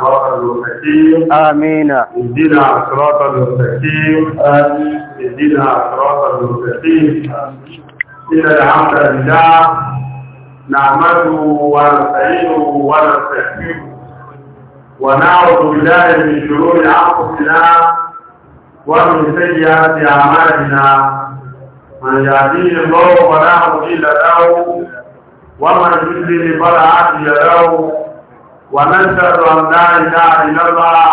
صراط المستقيم آمين اهدنا صراط المستقيم آمين اهدنا صراط المستقيم إن الحمد لله نعمده ونستعينه ونستهديه ونعوذ بالله من شرور أنفسنا ومن سيئات أعمالنا من يهديه الله فلا مضل له ومن يضلل فلا هادي له ونشهد أن لا إله إلا الله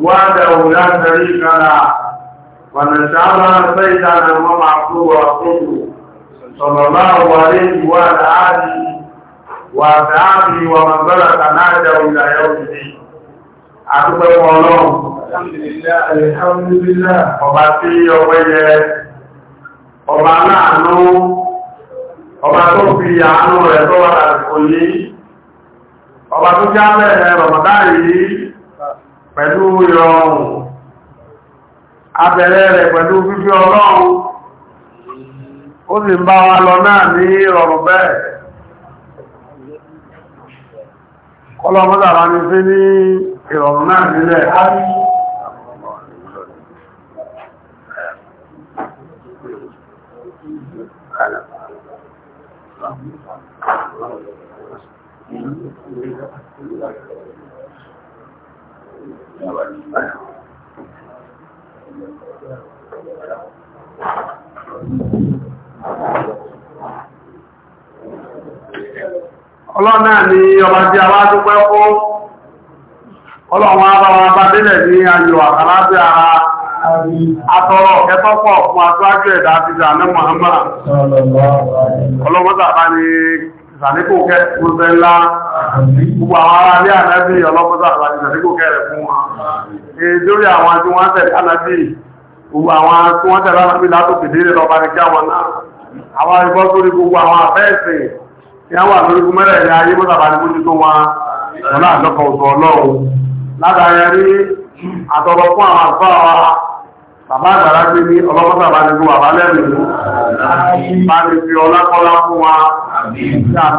وحده لا شريك له ونشهد أن سيدنا ومعصوه ورسوله صلى الله عليه وعلى آله وأصحابه ومن سلك نهجه إلى يوم الدين àdúgbò wọn lọ́wọ́ ọba tí ọwọ́ yẹ ọba láàánú ọba tó fi àánú rẹ̀ tó wà láti kò ní ọba tó já bẹ̀rẹ̀ rọ̀mọ̀dán yìí pẹ̀lú ìrọ̀rùn abẹ̀rẹ̀ rẹ̀ pẹ̀lú fífí ọlọ́run ó sì ń bá wa lọ náà ní rọ̀rùn bẹ́ẹ̀ kọlọmọdà wa ní sí ní ìrọ̀rùn náà nílẹ̀ ọlọ́nà ni ọba tí a wá dúpẹ́ fún ọlọ́wọ́n àbáwọn abádélẹ̀ ní ayò àkàlábí ara àtọrọ ẹ̀tọ́pọ̀ fún àtúrájú ẹ̀dà àti ìjà náà Muhammad ọlọ́mọ́ta bá ìsàníkò kẹ́ gbogbo ńlá gbogbo àwọn ará ilé ànábì ọlọ́pọ̀tà àti ìsàníkò kẹ́ rẹ̀ fún wa. Èdórí àwọn tí wọ́n tẹ̀lé ànábì gbogbo àwọn tí wọ́n tẹ̀lé ànábì látòkè délé lọ́ba ní kí àwọn náà. Àwọn ìbọn sórí gbogbo àwọn àfẹ́ẹ̀sì tí wọ́n wà lórí gbọmọ́rẹ̀ ilẹ̀ ayé mọ́tà bá ní mójú tó wọn wọn láàlọ́kọ̀ ọ̀tọ̀ ọlọ́run. Látàrí àtọ̀rọ̀ fún àwọn àlùfáà wa Bàbá àgbàrá gbé ní ọlọ́pàá bá ní bàbá lẹ́rìnú. Bá ní fi ọlákọ́lá fún wa.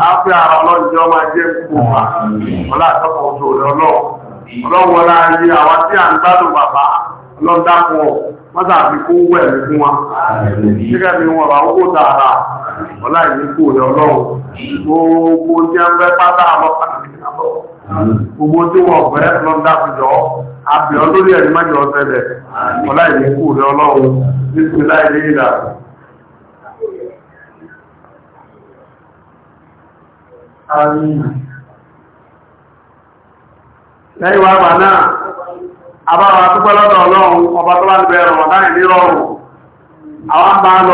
Àfẹ́ ara ọlọ́jọ́ máa jẹ́ fún wa. Ọlá àtọ́kọ̀ oṣù rẹ̀ ọlọ́ọ̀. Ọlọ́wọ́ láàyè àwọn tí à ń gbádùn bàbá lọ́dápọ̀ mọ́tà àti kó wẹ̀ ní fún wa. Gẹ́gẹ́ bí wọn bá owó tààrà ọlá ìníkù rẹ̀ ọlọ́run. Gbogbo tí a ń fẹ́ pátá àbọ̀ pàtàkì àbọ̀. Gbogbo tí wọ́n fẹ́ lọ́dápọ̀ jọ. àbẹ̀ ọlórí ẹ̀rí májọ ọ̀sẹ̀lẹ̀ ọlá ìníkù rẹ ọlọ́run nítorí láìlé ìlà lẹ́yìn wá náà tó pẹ́lọ́dọ̀ ọlọ́run ọba tó bá ń bẹ̀rọ láì ní rọrùn àwọn lọ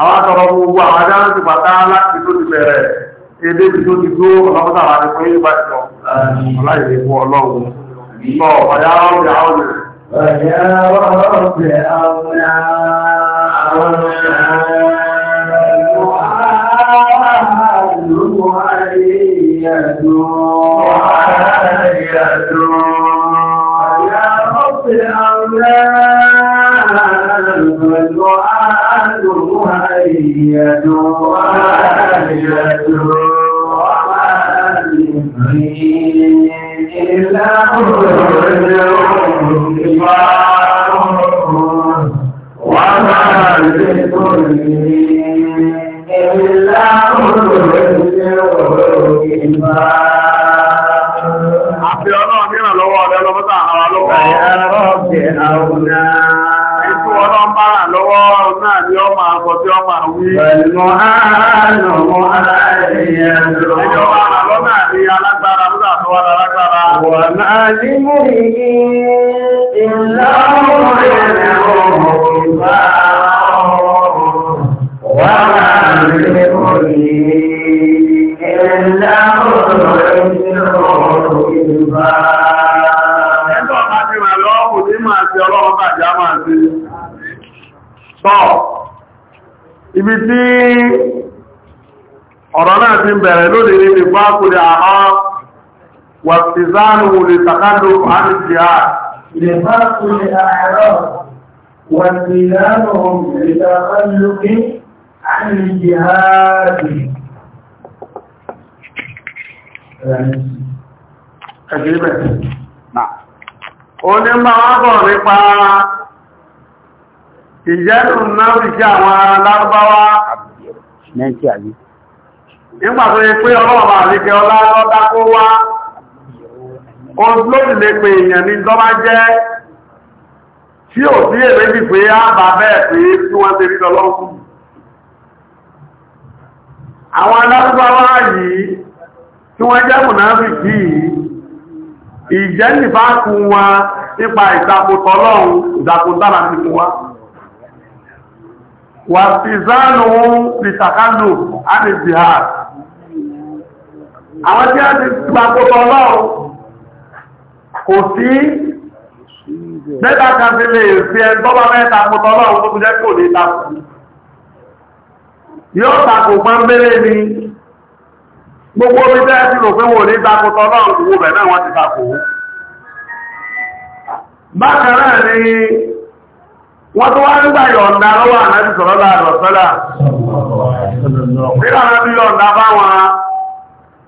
àwọn àtọ̀rọ̀ gbogbo àwọn adáhùn ti pàtà láti tó ti bẹ̀rẹ̀ èdè tó ti gbó ọlọ́pàá àwọn àti fún yípa ìtọ̀ fún ọlọ́run sọ ọ̀yá ọ̀bẹ àwọn ọ̀yá ọ̀bẹ àwọn Ọ̀yá ọ̀bẹ àwọn ọ̀yá عارية وعارية وعارية إلا وما لكل إلا أرجو إيمان sọ tí ó máa wí. Pẹ̀lú àánú mọ́ aláìyẹ̀ lọ. Ẹjọ́ wà ti ń bẹ̀rẹ̀ lónìí ní nípa kúrẹ́ àmọ́ wà ti zánu lè sàkádò àmìsí à. Nípa kúrẹ́ àárọ̀ wà ti zánu lè sàkádò àmìsí à. Ẹgbẹ́ bẹ̀rẹ̀. Onímọ̀ ọgbọ̀n nípa ìjẹ́rù náà ìjẹ́ àwọn alárúbáwá. Mẹ́ntì àbí. nígbàtí ó pé ọlọ́ọ̀bà àríkẹ́ ọlá lọ́dá kó wá olóòdì lè pè èèyàn ní dọ́bá jẹ́ tí ò sí èrè bí pé á bà bẹ́ẹ̀ pé tí wọ́n ti rí lọ́lọ́kùn àwọn adágbáwá yìí tí wọ́n jẹ́ kí ìjẹ́ nípa àwọn tí a ti gbàgbọ́gbọ́ ọlọ́run kò sí mẹ́ta kan fi lè fi ẹgbọ́gbà mẹ́ta mọ́tọ́ ọlọ́run tó jẹ́ kò ní takò yóò takò pẹ́mbẹ́rẹ́ ni gbogbo omi tẹ́ ti rò pé wò ní takò tọ́lọ́run gbogbo bẹ̀rẹ̀ wọ́n ti takò bákan náà ni wọ́n tó wá nígbà yọ̀ǹda lọ́wọ́ ànábì sọ̀rọ̀ láàrọ̀ sọ́lá nígbà náà bí yọ̀ǹda báwọn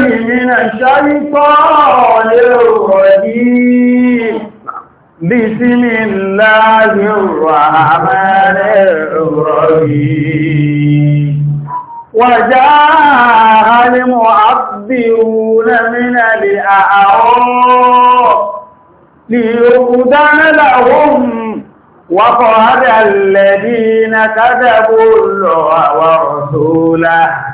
من الشيطان الرجيم بسم الله الرحمن الرحيم وجاء المعبرون من الأعراب ليؤذن لهم وقعد الذين كذبوا الله ورسوله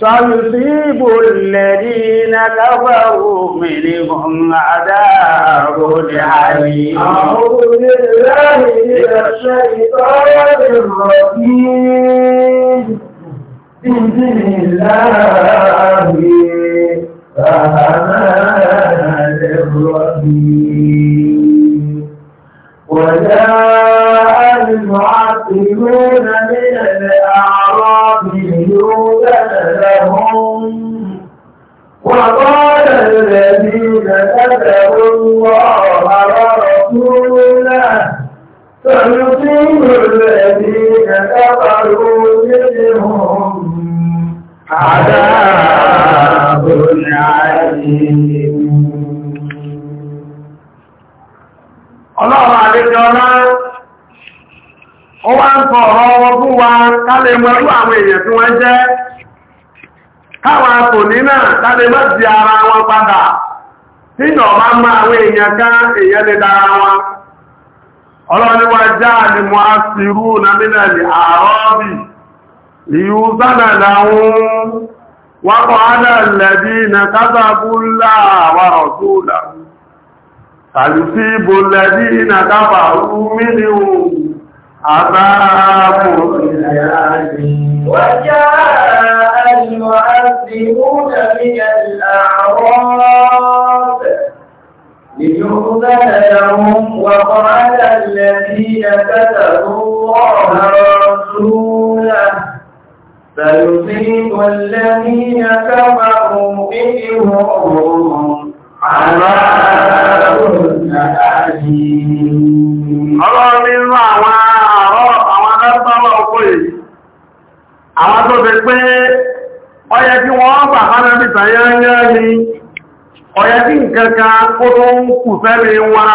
سيصيب الذين كفروا منهم عذاب عليم أعوذ بالله من الشيطان الرجيم باذن الله الرحمن الرحيم وجاء المعطلون من الرافضون لهم وقال الذين كفروا الله ورسوله فنصيب الذين كفروا منهم عذاب عليم الله عليك الله ó wá ń sọ ọ̀rọ̀ ọwọ́ fún wa kálẹ̀ mọ́lú àwọn èèyàn tí wọ́n jẹ́ káwọn ní náà kálẹ̀ mọ́ ara wọn padà nínú ọba mọ́ àwọn èèyàn ká èèyàn lè dára wọn ọlọ́niwá já àlìmọ́ asìrú nàmínàlì عذاب أليم وجاء المعذبون من الأعراب ليؤذن لهم وقال الذين كتبوا الله ورسوله فيصيب الذين كفروا منهم عذاب أليم. الله من àwọn tó fi pé ọyẹ tí wọ́n gbà fánàbí sàyẹ́yẹ́ ni ọyẹ tí nkankan ó tó ń kù fẹ́rí wọn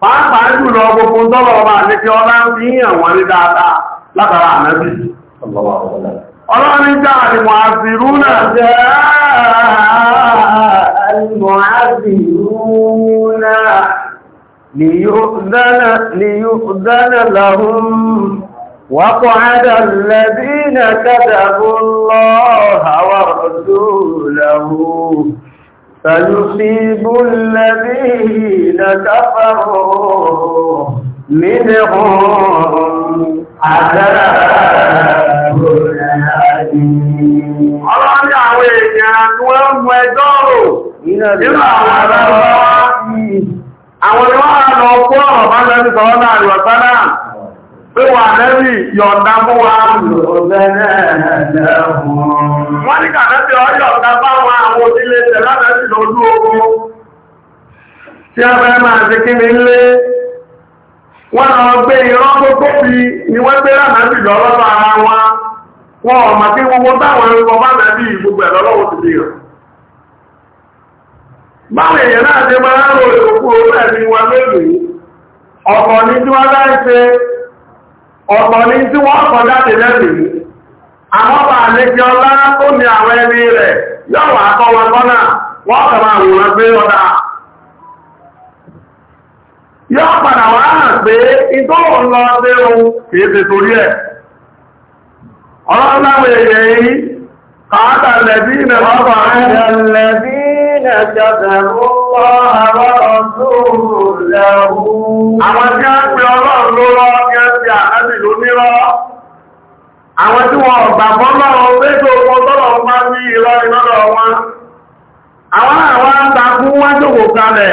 pàápàá jùlọ gbogbo tọ́lọ̀ ọba àti kí ọlá ń fi yàn wọ́n dáadáa látara ànábì ọlọ́rin àzìrú وقعد الذين كذبوا الله ورسوله فيصيب الذين كفروا منهم عذاب أليم ọlọ́rin àwọn èèyàn tí wọ́n mú ẹjọ́ rò nínú àwọn ará wọ́n àwọn ni wọ́n lọ kó ọ̀rọ̀ bá lẹ́nu sọ́wọ́n náà lọ́sánà Ìwà lẹ́rí yọ̀ǹda fún wa. Wọ́n ní kàlẹ́bí ọ yọ̀ǹda fáwọn àwọn òdílé tẹ̀lá lẹ́sì lójú wọ́n wa. ọ̀mà tí gbogbo táwọn ẹrùkọ bá nàbì gbogbo ẹ̀lọ́lọ́wọ́ ti dìyàn. Báwọn èèyàn náà ti máa ń wa lónìí, ọ̀pọ̀ ní tí wọ́n ọ̀pọ̀ ní tí wọ́n kọ jáde lẹ́bìí àmọ́bà àlejò ọlá tó ní àwọn ẹni rẹ̀ yóò wà kọ́ wọn kọ́nà wọ́n kọ̀ máa wòrán pé ọ̀dà padà wá hàn pé ìtò ohun Àwọn ti ànábì ló nírọ́ àwọn tí wọ́n gbà fọ́nà ọ̀rẹ́gbò ọgbọ́nà ọmọ ní àwọn àwọn jòkó kalẹ̀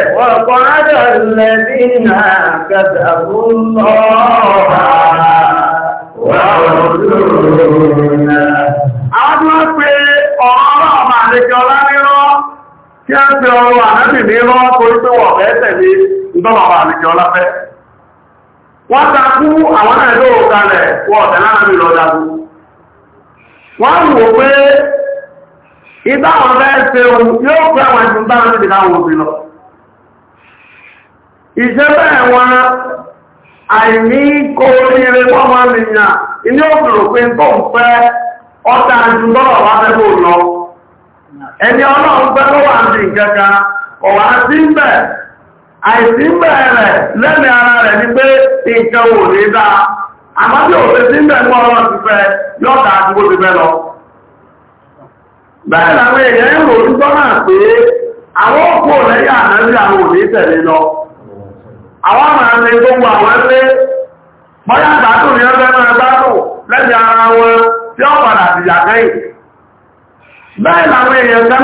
pe wọ́n takú àwọn náà lóò kalẹ̀ wọ́n ọ̀tẹ̀ náà bí wọ́n wò pé ibá wọn bẹ́ ṣe ohun yóò pẹ́ àwọn ẹ̀sùn bá wọn níbi káwọn òbí lọ ìṣẹ́ bẹ́ẹ̀ wọn àìní kó oríire wọ́n máa lè yàn pé àìsí bẹ̀rẹ̀ lẹ́mìí ara rẹ̀ ní pé nǹkan ò ní dá àmọ́ tí òfin sí bẹ̀ mú ọlọ́ ti fẹ́ yọ́ta àti bó ti fẹ́ lọ bẹ́ẹ̀ làwọn èèyàn ń rò ní tọ́nà pé àwọn òkú lẹ́yìn àwọn lọ àwọn àmà gbogbo àwọn ẹgbẹ́ bọ́yá gbádùn ní ọgbẹ́ máa gbádùn lẹ́yìn ara wọn tí ó padà yà kẹ́yìn bẹ́ẹ̀ làwọn èèyàn kan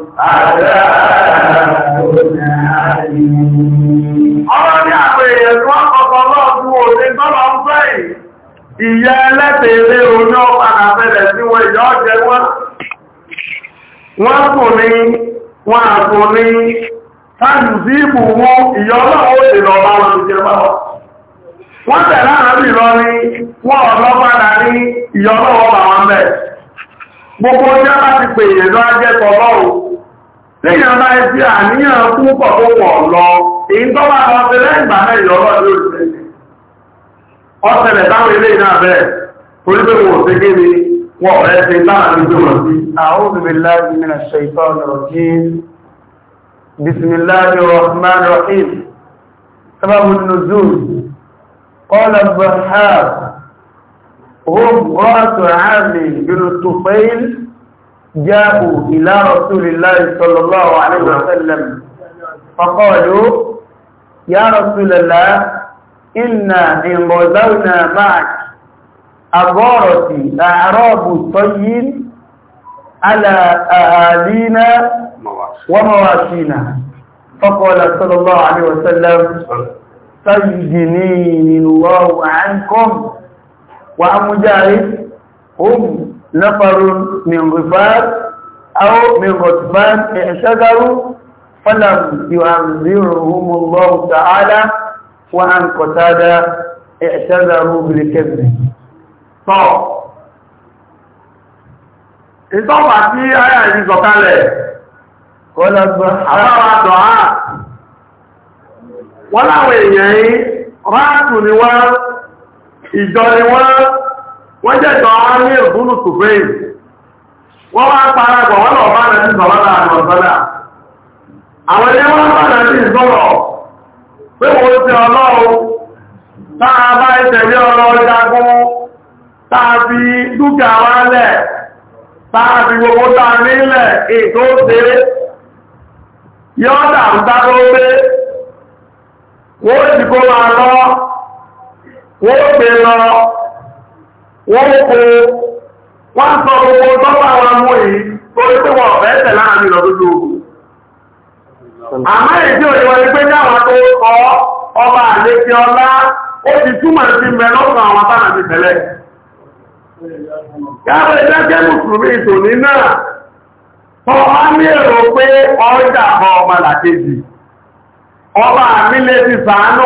Ọlọ́run ní àwọn èèyàn tó ọkọ̀ lọ́ọ̀dún òní tọ́lọ ń fẹ́ ìyẹ́ ẹlẹ́tẹ̀ẹ́lẹ́ oní ọpa àbẹ̀rẹ̀ sí wọn ìyọ́ jẹ wọ́n. ní, wọ́n àkò ní, sí ìbù ìyọ́ Gbogbo ọjọ́ láti pè èèyàn lọ́jẹ́ lẹ́yìn ọba ẹtí àníyàn kú pọ̀ tó wọ̀ lọ èyí tó bá lọ sí lẹ́yìn ìgbà náà ìyọ́ ọlọ́dún òṣèlú ọ̀sẹ̀lẹ̀ táwọn ilé náà bẹ́ẹ̀ torí pé wọ́n ṣe kéde wọ́n ọ̀rẹ́ ṣe táwọn àdúgbò wọn sí. A'udhu جاءوا إلى رسول الله صلى الله عليه وسلم فقالوا يا رسول الله إنا انغزونا معك أبارتي أعراب طيب على أهالينا ومواشينا فقال صلى الله عليه وسلم تجدني الله عنكم وعن مجاهد هم نفر من غفار أو من غطفان اعتذروا فلم يعذرهم الله تعالى وعن قتادة اعتذروا بالكذب طب ìtọ́pà tí ayà yìí sọ̀kalẹ̀ àbára dọ̀á wọ́n láwọn èèyàn yìí ráàtù ni wọ́n ìjọ ni wọ́n wọ́n jẹ́ ìtàn wọn ní ìbúnú tùfẹ́yì wọ́n wá parapọ̀ wọ́n lọ bá nàbí sọ̀rọ̀ láàrín ọ̀sọ́dà àwọn ilé wọn bá nàbí sọ̀rọ̀ pé mo ti ọlọ́run tá bá ìtẹ̀lé jagun fi dúkìá wa lẹ̀ fi gbogbo tá a nílẹ̀ ètò òṣèré yọ́dà ń dábọ́ pé wọ́n ti kó máa lọ wọ́n wọ́n kó wọ́n sọ gbogbo tọ́pọ̀ àwọn amú èyí tó rí pé wọ́n ọ̀fẹ́ tẹ̀ láàrin lọ ogun àmọ́ èdè òyìnbó ni pé tó ọba àlejò ọlá ó ti túmọ̀ sí àwọn bá àti tẹ̀lẹ̀ Yàrá Mùsùlùmí ìtòní náà, ní èrò pé ọjà làkejì. Ọba àmì lè ti sàánú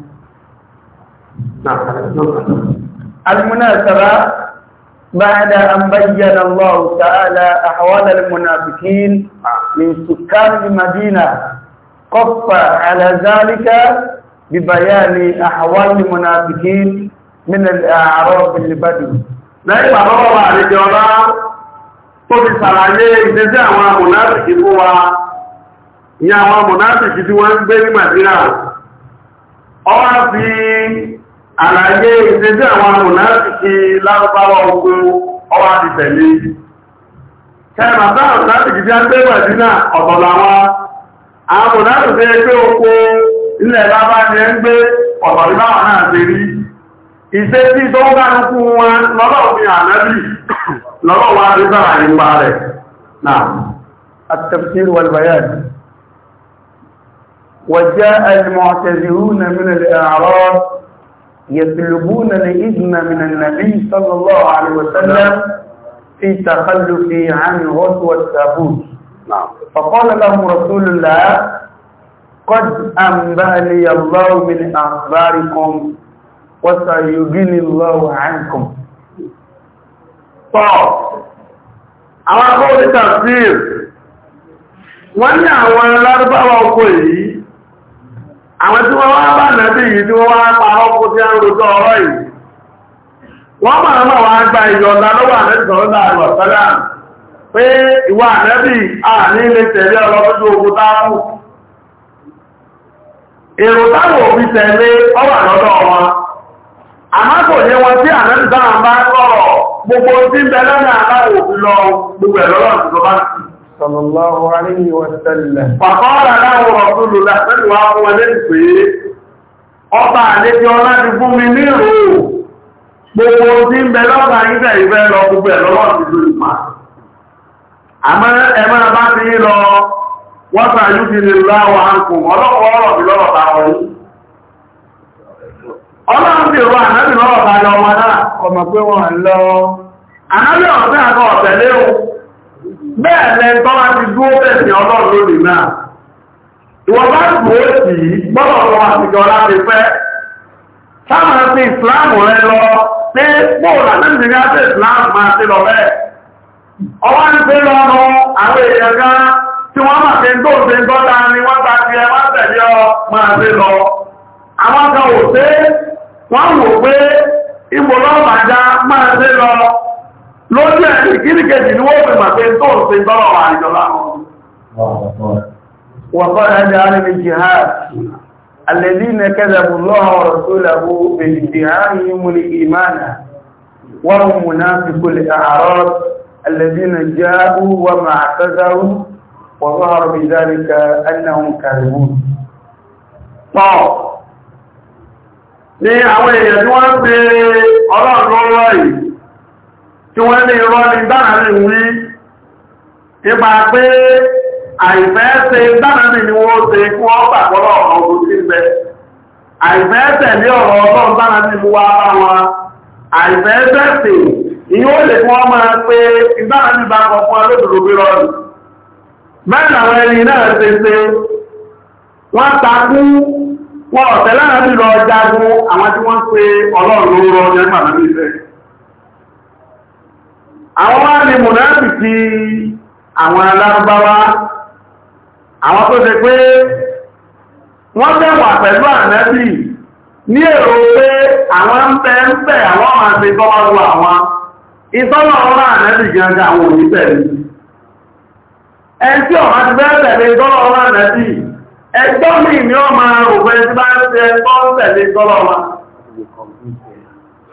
المناسبة بعد أن بين الله تعالى أحوال المنافقين من سكان المدينة قف على ذلك ببيان أحوال المنافقين من الأعراب البدو lẹ́yìn bàbá wà wà àrẹ́jẹ ọlá tó fi sàlàyé ìdẹ́sẹ̀ àwọn amùnáfìkì fún wa ní àlàyé ìṣẹ́jẹ́ àwọn amùnáàtìkì lárúbáwá ogun ọwá ti tẹ̀lé kẹrìnà bá amùnáàtìkì jẹ́ pé wẹ̀dínà ọ̀tọ̀ làwọn amùnáàtìkì pé oko ilẹ̀ lábá ni ẹ ń gbé ọ̀tọ̀ من يطلبون الإذن من النبي صلى الله عليه وسلم في تخلف عن غزوة تبوك فقال لهم رسول الله قد أنبأني الله من أخباركم وسيغني الله عنكم طب àwọn akọ́wọ́ ní tàbí wọ́n ní àwọn lárúbáwà àwọn tí wọ́n wá bá nàbí yìí tí wọ́n wá pa ọkùn tí a ń rojọ́ ọ̀rọ̀ yìí wọ́n máa máa wá gba ìyọ̀nda lọ́wọ́ ànẹ́bì pé ìwà ànẹ́bì à ní ilé tẹ̀lé ọlọ́pẹ́jú ogun táàkù èrò òbí tẹ̀lé ọwà lọ́dọ̀ wọn صلى الله عليه وسلم فقال له رسول الله صلى الله عليه ọba àlejò ọlá fún mi ní ìrò gbogbo tí ń bẹ lọ́gbà ìgbẹ̀ ìfẹ́ lọ gbogbo ẹ̀ lọ́wọ́ ti ló ìpá àmọ́ ẹ bá ti ń lọ wọ́n ti lè àǹkù ọlọ́pọ̀ ọ̀rọ̀ bẹ́ẹ̀lẹ̀ lẹ tọ́ bá ti dúró tẹ̀sí ọlọ́run lónìí náà ìwọ̀n bá gbọdọ ó sì gbọ́dọ̀ lọ àtijọ́ láti fẹ́ sáwọn ti ìsìláàmù rẹ lọ pé bóòlù àtẹ́sìnrí àti ìsìláàmù máa ti lọ bẹ́ẹ̀ ọwọ́ pé lọ́nà àwọn èèyàn tí wọ́n máa fi ń tó ṣe lọ àwọn kan ò wọ́n wò pé lọ lójú ẹ̀sìn kíríkẹ̀jì ni wọ́n fi mà pé tó ń ṣe tọ́rọ àìjọ láwọn wọ̀kọ́ ẹ̀dẹ̀ arìnrìn jihad alẹ́dí na kẹ́lẹ̀bù lọ́wọ́ rọ̀sọ́lẹ̀bù bèèrè jihad yìí mú ní ìmánà wọ́n mú náà fi kò lè àárọ̀ alẹ́dí na jáàbù wọ́n máa tẹ́zàrú وظهر بذلك أنهم كاذبون ní àwọn èèyàn tí wọ́n ń pe ọlọ́run lọ́wọ́ tí wọ́n ní irọ́ ní dánàrí wí ipa pé àìfẹ́ ṣe ni wọ́n ṣe kú ọgbà pọ́lọ̀ ọ̀rọ̀ sí ibẹ̀ àìfẹ́ tẹ̀lé ọ̀rọ̀ ọlọ́run dánàrí mú wá bá wọn àìfẹ́ tẹ̀sì lè ọmọ pé bá kọ fún mẹ́rin àwọn ẹni náà ṣe ṣe wọ́n takú ọ̀tẹ̀ lọ jagun àwọn tí wọ́n àwọn wá ní mùnáàbì tí àwọn alárúbáwá àwọn tó ṣe pé wọ́n bẹ̀wà pẹ̀lú ànẹ́bì ní èrò pé àwọn ń bẹ ń bẹ àwọn ọmọ àti ìtọ́wọ́rú àwọn ìtọ́wọ́ ọlá ànẹ́bì gangan àwọn òní pẹ̀lú ti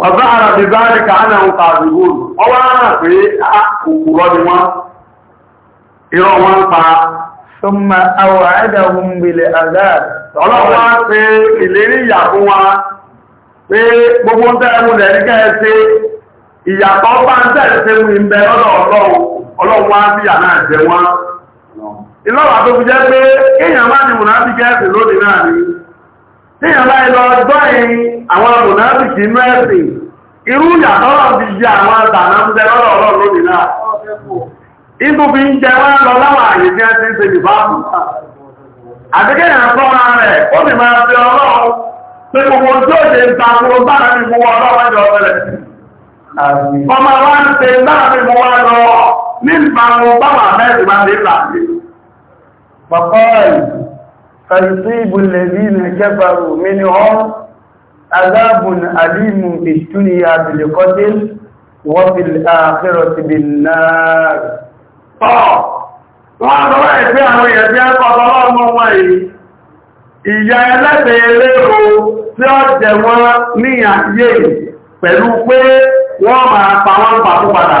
wàzáàrà bí báyìí ká náà ń tàbí góòlù ọwọ́ náà pé òkúrọ́ ni wọ́n irọ́ wọn ń pa súnmọ́ àwọ̀ àádọ́hùn gbèlè àzáàrì ọlọ́wọ́ pé ìlérí ìyà fún pé gbogbo ń tẹ́ẹ̀mù Níyàn bá ilọ̀ ọjọ́ yìí àwọn mùnáfìkì inú ẹ̀sìn, irú ìyàtọ́rọ̀ ti jẹ àwọn àtànà ń bẹ lọ́rọ̀ ọ̀rọ̀ lónìí náà. Ìtù fi ń jẹ wọ́n lọ láwọn àyè tí wọ́n ti ń ṣe rẹ̀, ó sì máa fi pé gbogbo tí ó ṣe ń ta kúrò jọ bẹ̀rẹ̀. Ọmọ wa ń ṣe lọ فيصيب الذين كفروا منهم عذاب أليم في الدنيا بالقتل وفي الآخرة بالنار Wọ́n tó wáyé àwọn èèyàn tí ọmọ ìyà ẹlẹ́bẹ̀ eléro tí ó jẹ wọ́n ní àyè pẹ̀lú pé wọ́n máa pa wọ́n padà.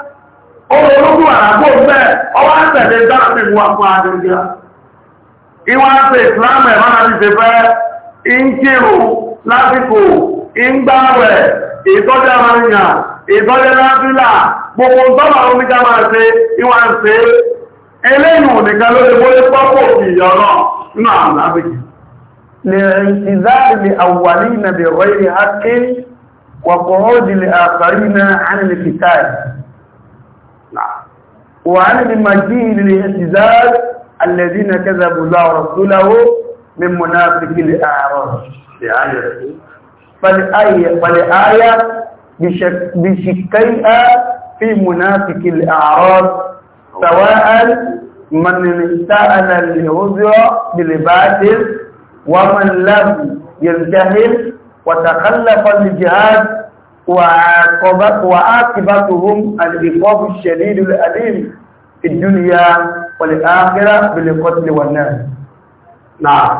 ọ̀rọ̀ ológun àràbò bẹ́ẹ̀ ọwọ́ àtẹ̀lẹ̀ dáàbì wà fún adéjá ìwà àti ìsìláàmù ẹ̀mọ́ láti ṣe fẹ́ ìǹkìrù lásìkò ìǹgbàwẹ̀ ìtọ́jà mọ́nìyàn ìtọ́jà lábílà gbogbo tọ́lá oníkà máa ṣe ìwà ń ṣe eléyìn òníkà ló lè wọlé pọ́pọ̀ òkè ìyọ̀rọ̀ nínú àwọn lábìkì لإنتظار الأولين بغير حق وقعود الآخرين عن القتال وعن مجيء الاعتزاز الذين كذبوا الله ورسوله من منافق الأعراض فالآية فالآية بشكيها في منافق الأعراض سواء من استأل الهزر بالباطل ومن لم يلتهل وتخلف الجهاد وعاقبتهم العقاب الشديد الأليم في الدنيا والآخرة بالقتل والنار نعم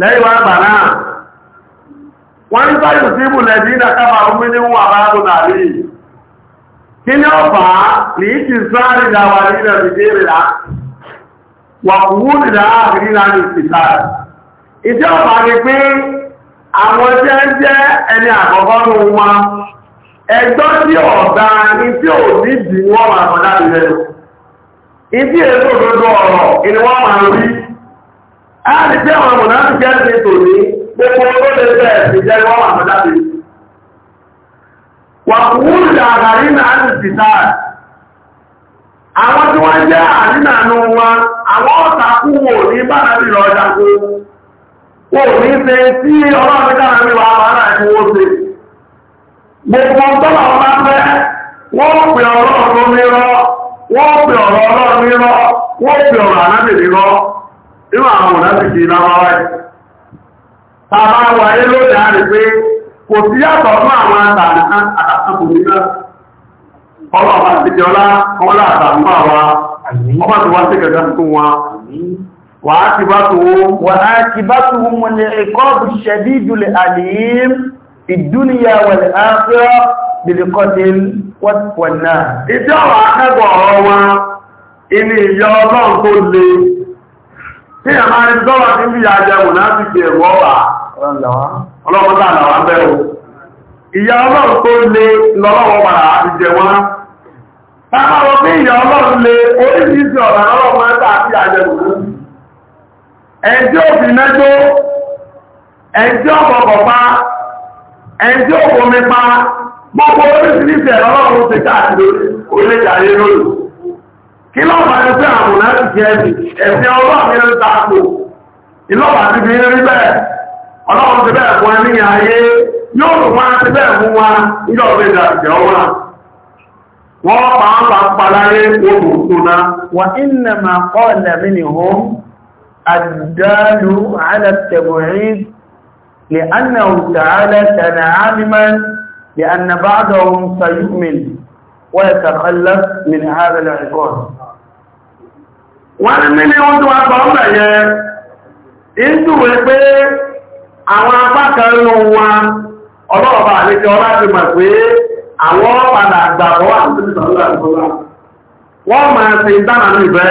lẹ́yìn wá bà náà wọ́n ní sáyù sí ìbùlẹ̀ bí i dákàbà omi ní wọ́n àbáàbò nàrí kí ní ó bá ní ìkì sáàrì dáwà àwọn je jẹ́ ẹni àkọ́kọ́ nù ẹjọ́ tí ọ̀dá ní tí dì wọ́n máa kọ̀ láti lẹ́nu èso òdodo ọ̀rọ̀ ni wọ́n máa rí a jẹ́ àwọn mọ̀láti jẹ́ tòní gbogbo owó lè bẹ̀ẹ̀ sí wọ́n máa kọ̀ láti wọ́n ní ṣe tí ọlọ́run dára ní wàá bàárà ìfowó ṣe gbogbo tọ́lá ọba fẹ́ wọ́n pè ọlọ́run nírọ́ wọ́n pè ọlọ́run nírọ́ wọ́n pè ọ̀rọ̀ ànábì nírọ́ nínú àwọn òdájú ti lábáwá yìí bàbá wa pé kò sí yàtọ̀ fún àwọn àtàkùn náà ọlọ́run àti ọlọ́run ọmọ tí wọ́n ti kẹ̀kẹ́ fún wọn وعاقبتهم وعاقبتهم العقاب الشديد الأليم في الدنيا والآخرة بالقتل والنار ìjọba akẹ́bọ̀ ọwọ́ inú ìyọ ọlọ́run tó lè tí a máa ń dọ́wà tí ọlọ́run tó lè lọ́wọ́ padà àti jẹ wọ́n pé ìyọ ọlọ́run lè oríṣiríṣi ọ̀rọ̀ ọlọ́run mẹ́ta àti ẹjọ́ òfìnẹ́gbó ẹjọ́ ọ̀pọ̀pọ̀pá ẹjọ́ òfòmípa gbogbo orísìírísìí ẹ̀rọ̀lọ́run ti káàkiri orílẹ̀-èdè lórí kí lọ́pàá ẹni pé àmùnà ti jẹ́ ẹ̀bì ẹ̀fẹ́ ọlọ́run ń takò ìlọ́pàá rí bẹ́ẹ̀ wọ́n الدال على التبعيد لأنه تعالى كان عالما لأن بعضهم سيؤمن ويتخلف من هذا العقاب wọ́n ní ní oúnjẹ wa bọ̀ ọ̀gbẹ̀ yẹ ìjú rẹ̀ pé àwọn apákanú wa ọlọ́ọ̀bà àlejò láti mọ̀ pé àwọn padà gbàgbọ́ àti ìsọ̀lọ́ àti ìsọ̀lọ́ wọ́n máa ti dánà ní ìbẹ́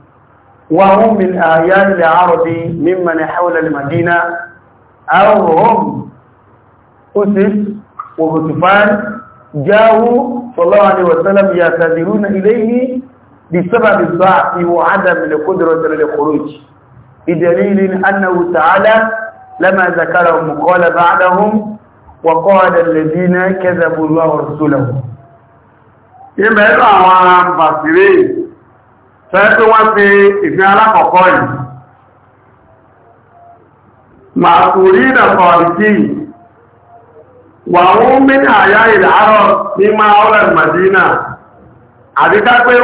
وهم من أعيان العرب ممن حول المدينة أو هم أسس وغطفان جاءوا صلى الله عليه وسلم يعتذرون إليه بسبب الضعف وعدم القدرة للخروج بدليل أنه تعالى لما ذكرهم قال بعدهم وقال الذين كذبوا الله ورسوله. يبقى إيه fẹ́ pé wọ́n fi ìgbín alákọ̀ọ́kọ́ yìí máa kùrí ìdàkọ̀ ìdí wà ó mẹ́ni àyá ìlàárọ̀ ní ma ọ̀rẹ́ Madina àdíká ó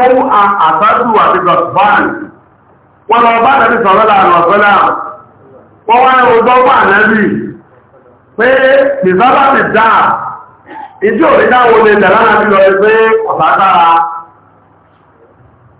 àtàdù àti gọ̀tùfán wọ́n lọ bá tẹ́lẹ̀ sọ̀rọ̀ lànàfẹ́lá wọ́n wá ọjọ́ wà nẹ́bì pé ìsábà ti dáa ìdí òrídáwò lè dàrá náà bí lọ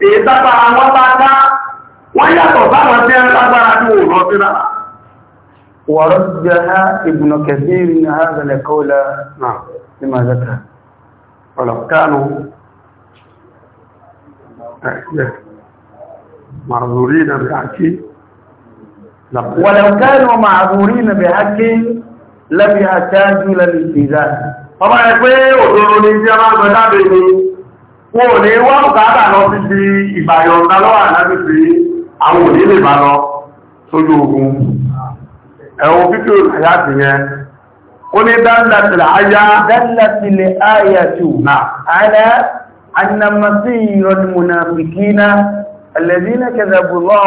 وردها wọ́n bá dá wọ́n yàtọ̀ tí ń lágbára tí síra ابن كثير هذا القول نعم لما ذكر ولو كانوا معذورين بحق ولو كانوا معذورين بحكي لم يحتاجوا للابتذال طبعا يقول òdòrò ní jẹ́ máa gbẹ̀dábẹ̀ ni je maa gbedabe wọn ò ní wá bùkátà lọ sí ti ìbàyọ̀ ọ̀dálọ́wà láti fi àwọn òní lè bá lọ sójú ogun ẹ̀wọ̀n fífí òṣàyà ti yẹn ó ní dánilẹ̀tìlẹ̀ ayá dánilẹ̀tìlẹ̀ ayá tí ò náà ayá annamasi ìrọ̀nìmùnàfikínà alẹ́dínà kẹzàbùlọ́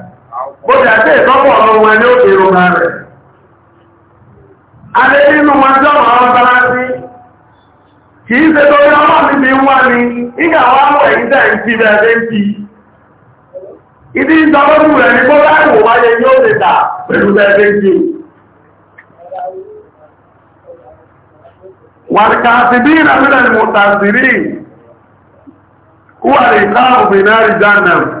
bó ti àti ìtọ́pọ̀ ọ̀nà wọn ni ó fi rògbà rẹ̀. Adé nínú wọn tí ọmọ ọmọ bára sí, kì í ṣe torí ọmọ mi ti wá ni, ìgbà wá mọ̀ èyí tẹ̀ ń ti bẹ̀rẹ̀ ń ti. Ìdí ìtọ́lọ́dù rẹ̀ ni bó ìwò wáyé ni ó lè tà pẹ̀lú bẹ̀rẹ̀ ń ti. bí sí rí,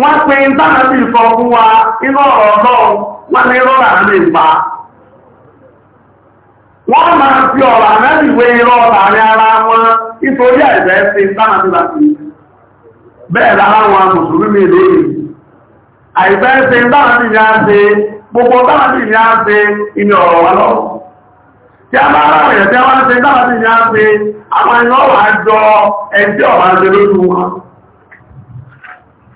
wọ́n pe ìtànàbí sọ fún wa inú ọ̀rọ̀ náà wọ́n ní rọ́rà lè pa wọ́n máa fi ọ̀rọ̀ àmẹ́bí irọ́ ara wọn nítorí bẹ́ẹ̀ lára wọn mùsùlùmí lónìí àìfẹ́ ṣe ìtànàbí ni a ṣe gbogbo ṣe ọ̀rọ̀ tí a bá ara tí ṣe àwọn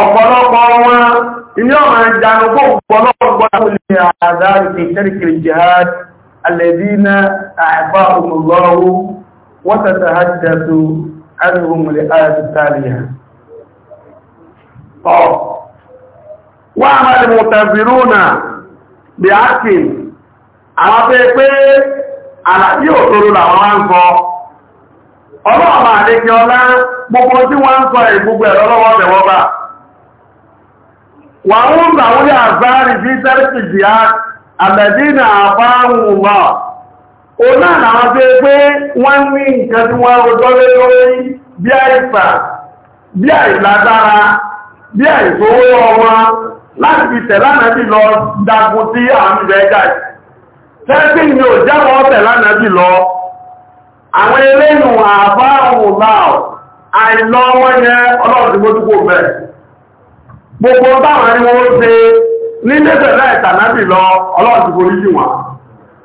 ọ̀pọ̀lọpọ̀ wọn ilé ọ̀nà ìjànùkú ọ̀pọ̀lọpọ̀ ní jihad àìfà wọ́tàtà a ọlọ́ọ̀bà àdékẹ́ ọlá gbogbo tí wọ́n ń sọ ìgbogbo ẹ̀rọ lọ́wọ́ bá وهم أولي الأبصار في ترك الجهاد الذين أعطاهم الله ọ̀nà àwọn tó pé wọ́n ní nǹkan tí wọ́n rọjọ́ lórí bí àìsà bí àìlágbára bí àìsówó ọmọ láti fi tẹ̀lánàbì lọ àmì rẹ̀ tẹ́sí àwọn eléyìn àbáhùn àìlọ́wọ́ yẹn gbogbo táwọn ẹni wọ́n ṣe ní lẹ́sẹ̀lẹ́ ìtànábì lọ ọlọ́ọ̀dì borí yìí wọn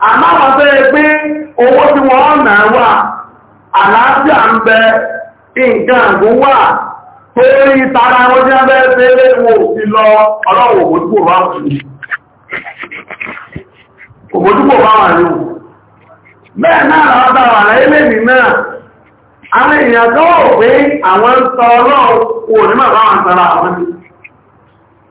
àmọ́ tó yẹ pé owó tí wọ́n nà wà àlàáfíà ń bẹ nǹkan wà tó rí tara wọn jẹ́ bẹ́ẹ̀ ṣe lé lọ ọlọ́wọ̀ àwọn èèyàn tó wò pé àwọn ń sọ ọlọ́run kò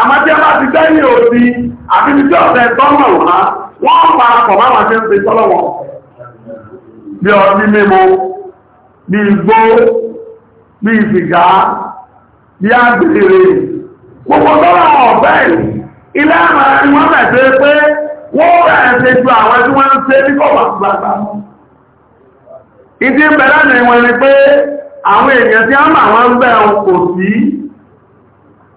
àmọ́tí ti gbẹ́yìn òbí àti ibi tí wọ́n para pọ̀ máa máa ṣe ń pe tọ́lọ́wọ́ bí ọdí mímu bí igbó bí ìsìgá bí agbèrè gbogbo tọ́lọ́ ọ̀fẹ́ ilé àmà wọn bẹ̀ẹ́ pé wọ́n rẹ̀ ṣe ju àwọn tí wọ́n ń ṣe ní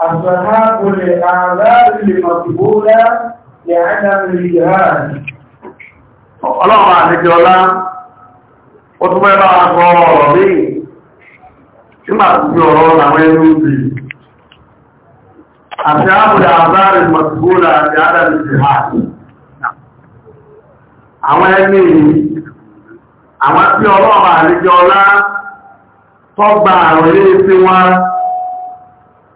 أصحاب الأعذار المقبولة لعدم الإجهاد ọlọ́run àdíjọlá ó tún mẹ́bà àgbọ̀ ọ̀rọ̀ ní ìmà tí ọ̀rọ̀ àwọn ẹni òbí àti àbúrà àbárin mọ̀sígbóra àti àdàrí jihad àwọn ẹni àwọn tí ọlọ́run àdíjọlá tọ́gbà àròyé sí wọn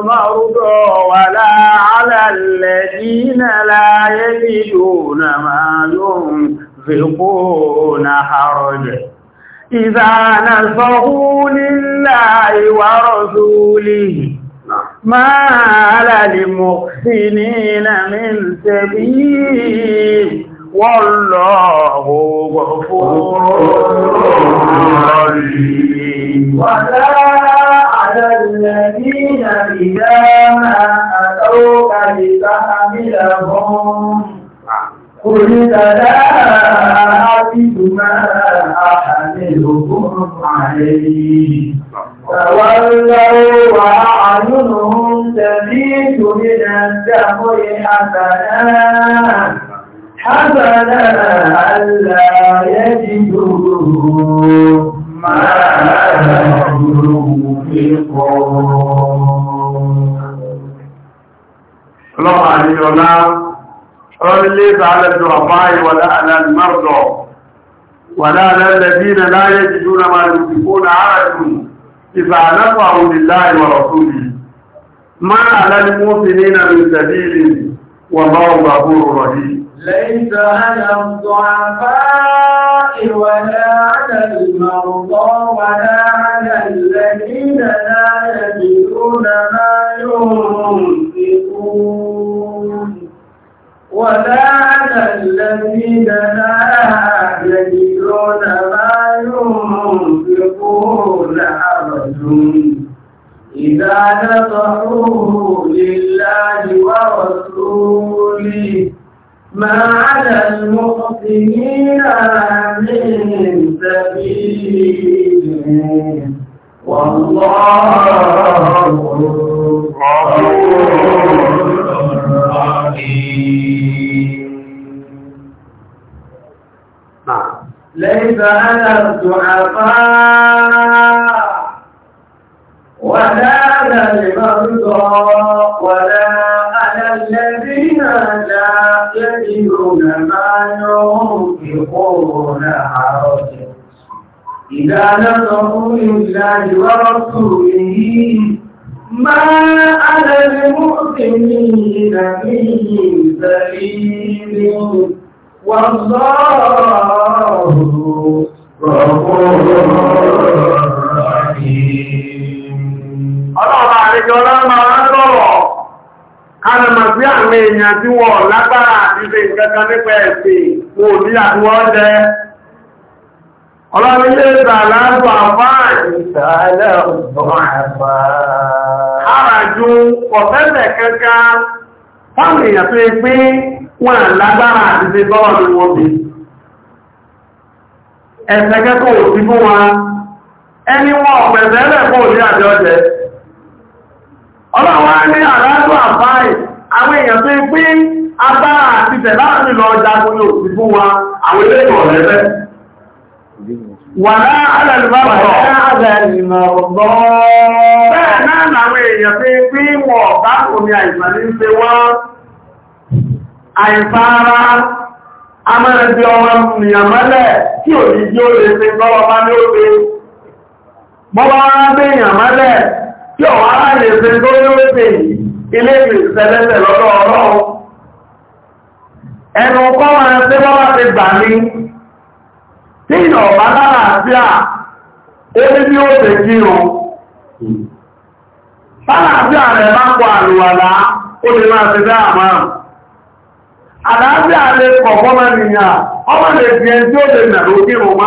المرضى ولا على الذين لا يجدون ما ينفقون حرج إذا نفقوا لله ورسوله ما على المحسنين من سبيل والله غفور رحيم ولا على الذين إذا ما أتوك لتحملهم قلت لا أعرف ما أحملكم عليه تولوا وأعينهم تبيت من الدهر حسنات أفلا ألا يجدوا ما اللهم الله ولا رب ليس على الضعفاء ولا على المرضى ولا على الذين لا يجدون ما ينفقون عرج إذا نفعوا لله ورسوله ما على المؤمنين من سبيل والله غفور رحيم ليس على الضعفاء ولا على المرضى ولا على الذين لا يجدون ما ينفقون ولا على الذين لا يجدون ما ينفقون حرج إذا نظروا لله ورسوله ما على المحسنين من سبيل والله نعم. ليس انا الضعفاء ولا انا المرضى ولا يجدون ما ينفقون حرج إذا نصروا لله ورسوله ما على المؤمنين من سبيل والله غفور رحيم. الله عليك ولا ما a sí àwọn èèyàn tí wọ́n lágbára ṣe nípa ẹ̀sìn kò ní àdúwọ́ jẹ́ ọlọ́run ilé ìsàlájú àfáàì àràjú ọ̀fẹ́sẹ̀ kankan fáwọn èèyàn tó pé wọ́n wọ́n ọlọ́wọ́ ní àrádùn àbáyì àwọn èèyàn tó ń pín agbára àti tẹ̀lá àti lọ jagun ní fún wa àwọn ilé ìwọ̀n lẹ́fẹ́ wà náà bẹ́ẹ̀ náà èèyàn tó ń pín wọ̀ bá tí ọ̀wọ́ ara lè ṣe tó ní oṣè ilé ìṣẹ̀lẹ̀ṣẹ̀ lọ́dọ̀ ọlọ́run ẹnu kọ́ máa ṣe bọ́bá ti gbà mí tí ìyọ̀bá lára sí à ó ní bí ó ṣe kí o sí ààrẹ bá kọ àlùwàlá ó máa ṣe kọ̀ọ̀kọ́ mẹ́rin ọmọ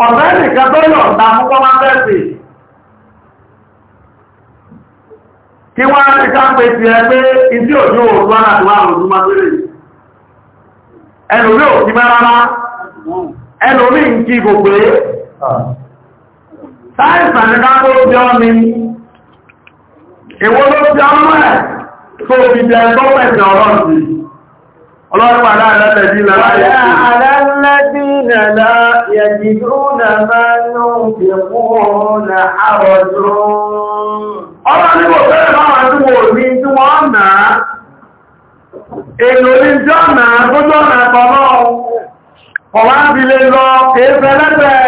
ọ̀sẹ̀ nìkan tó yọ̀ ọ̀dà púpọ̀ máa tẹ́sì kí wọ́n á ká pé ti ẹ pé ibi òjú òòrùn aláàdúrà òòrùn máa tẹ́lẹ̀ ẹlòmí ò kí mẹ́rara ẹlòmí ń kí gbogbo sáìsàn ní káàkó Ọlọ́run wà láàrín lẹ́bí lára yẹ̀jìdúnà máa ń fi kún àwọ̀dún. Ọlọ́run ní kò fẹ́rẹ̀ máa wọ́n tí wò ní tí wọ́n náà, èlò ní jọ́ náà tó jọ́ náà tọ́lọ́ ọ̀wá fi lè lọ kéèfẹ́ lẹ́fẹ́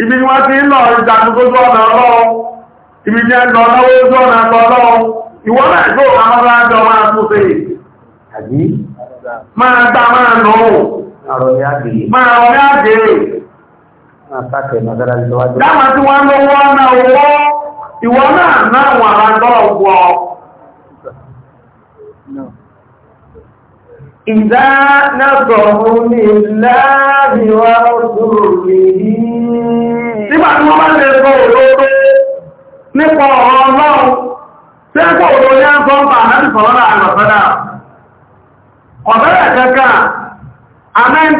ibi ni wọ́n ti ń lọ na ọ̀nà ọlọ́run ibi ni ẹ̀lọ lọ́wọ́ ojú ọ̀nà ọlọ́run na náà tó àwọn máa tún ṣe máa máa máa àgbèrè lówó ọ̀nà owó náà náà wà إذا نصروا لله ورسوله Nígbà tí wọ́n bá lè sọ òdòdó nípa ọ̀rọ̀ ọlọ́run, tí ó kò òdòdó ní ọkọ̀ ọba àti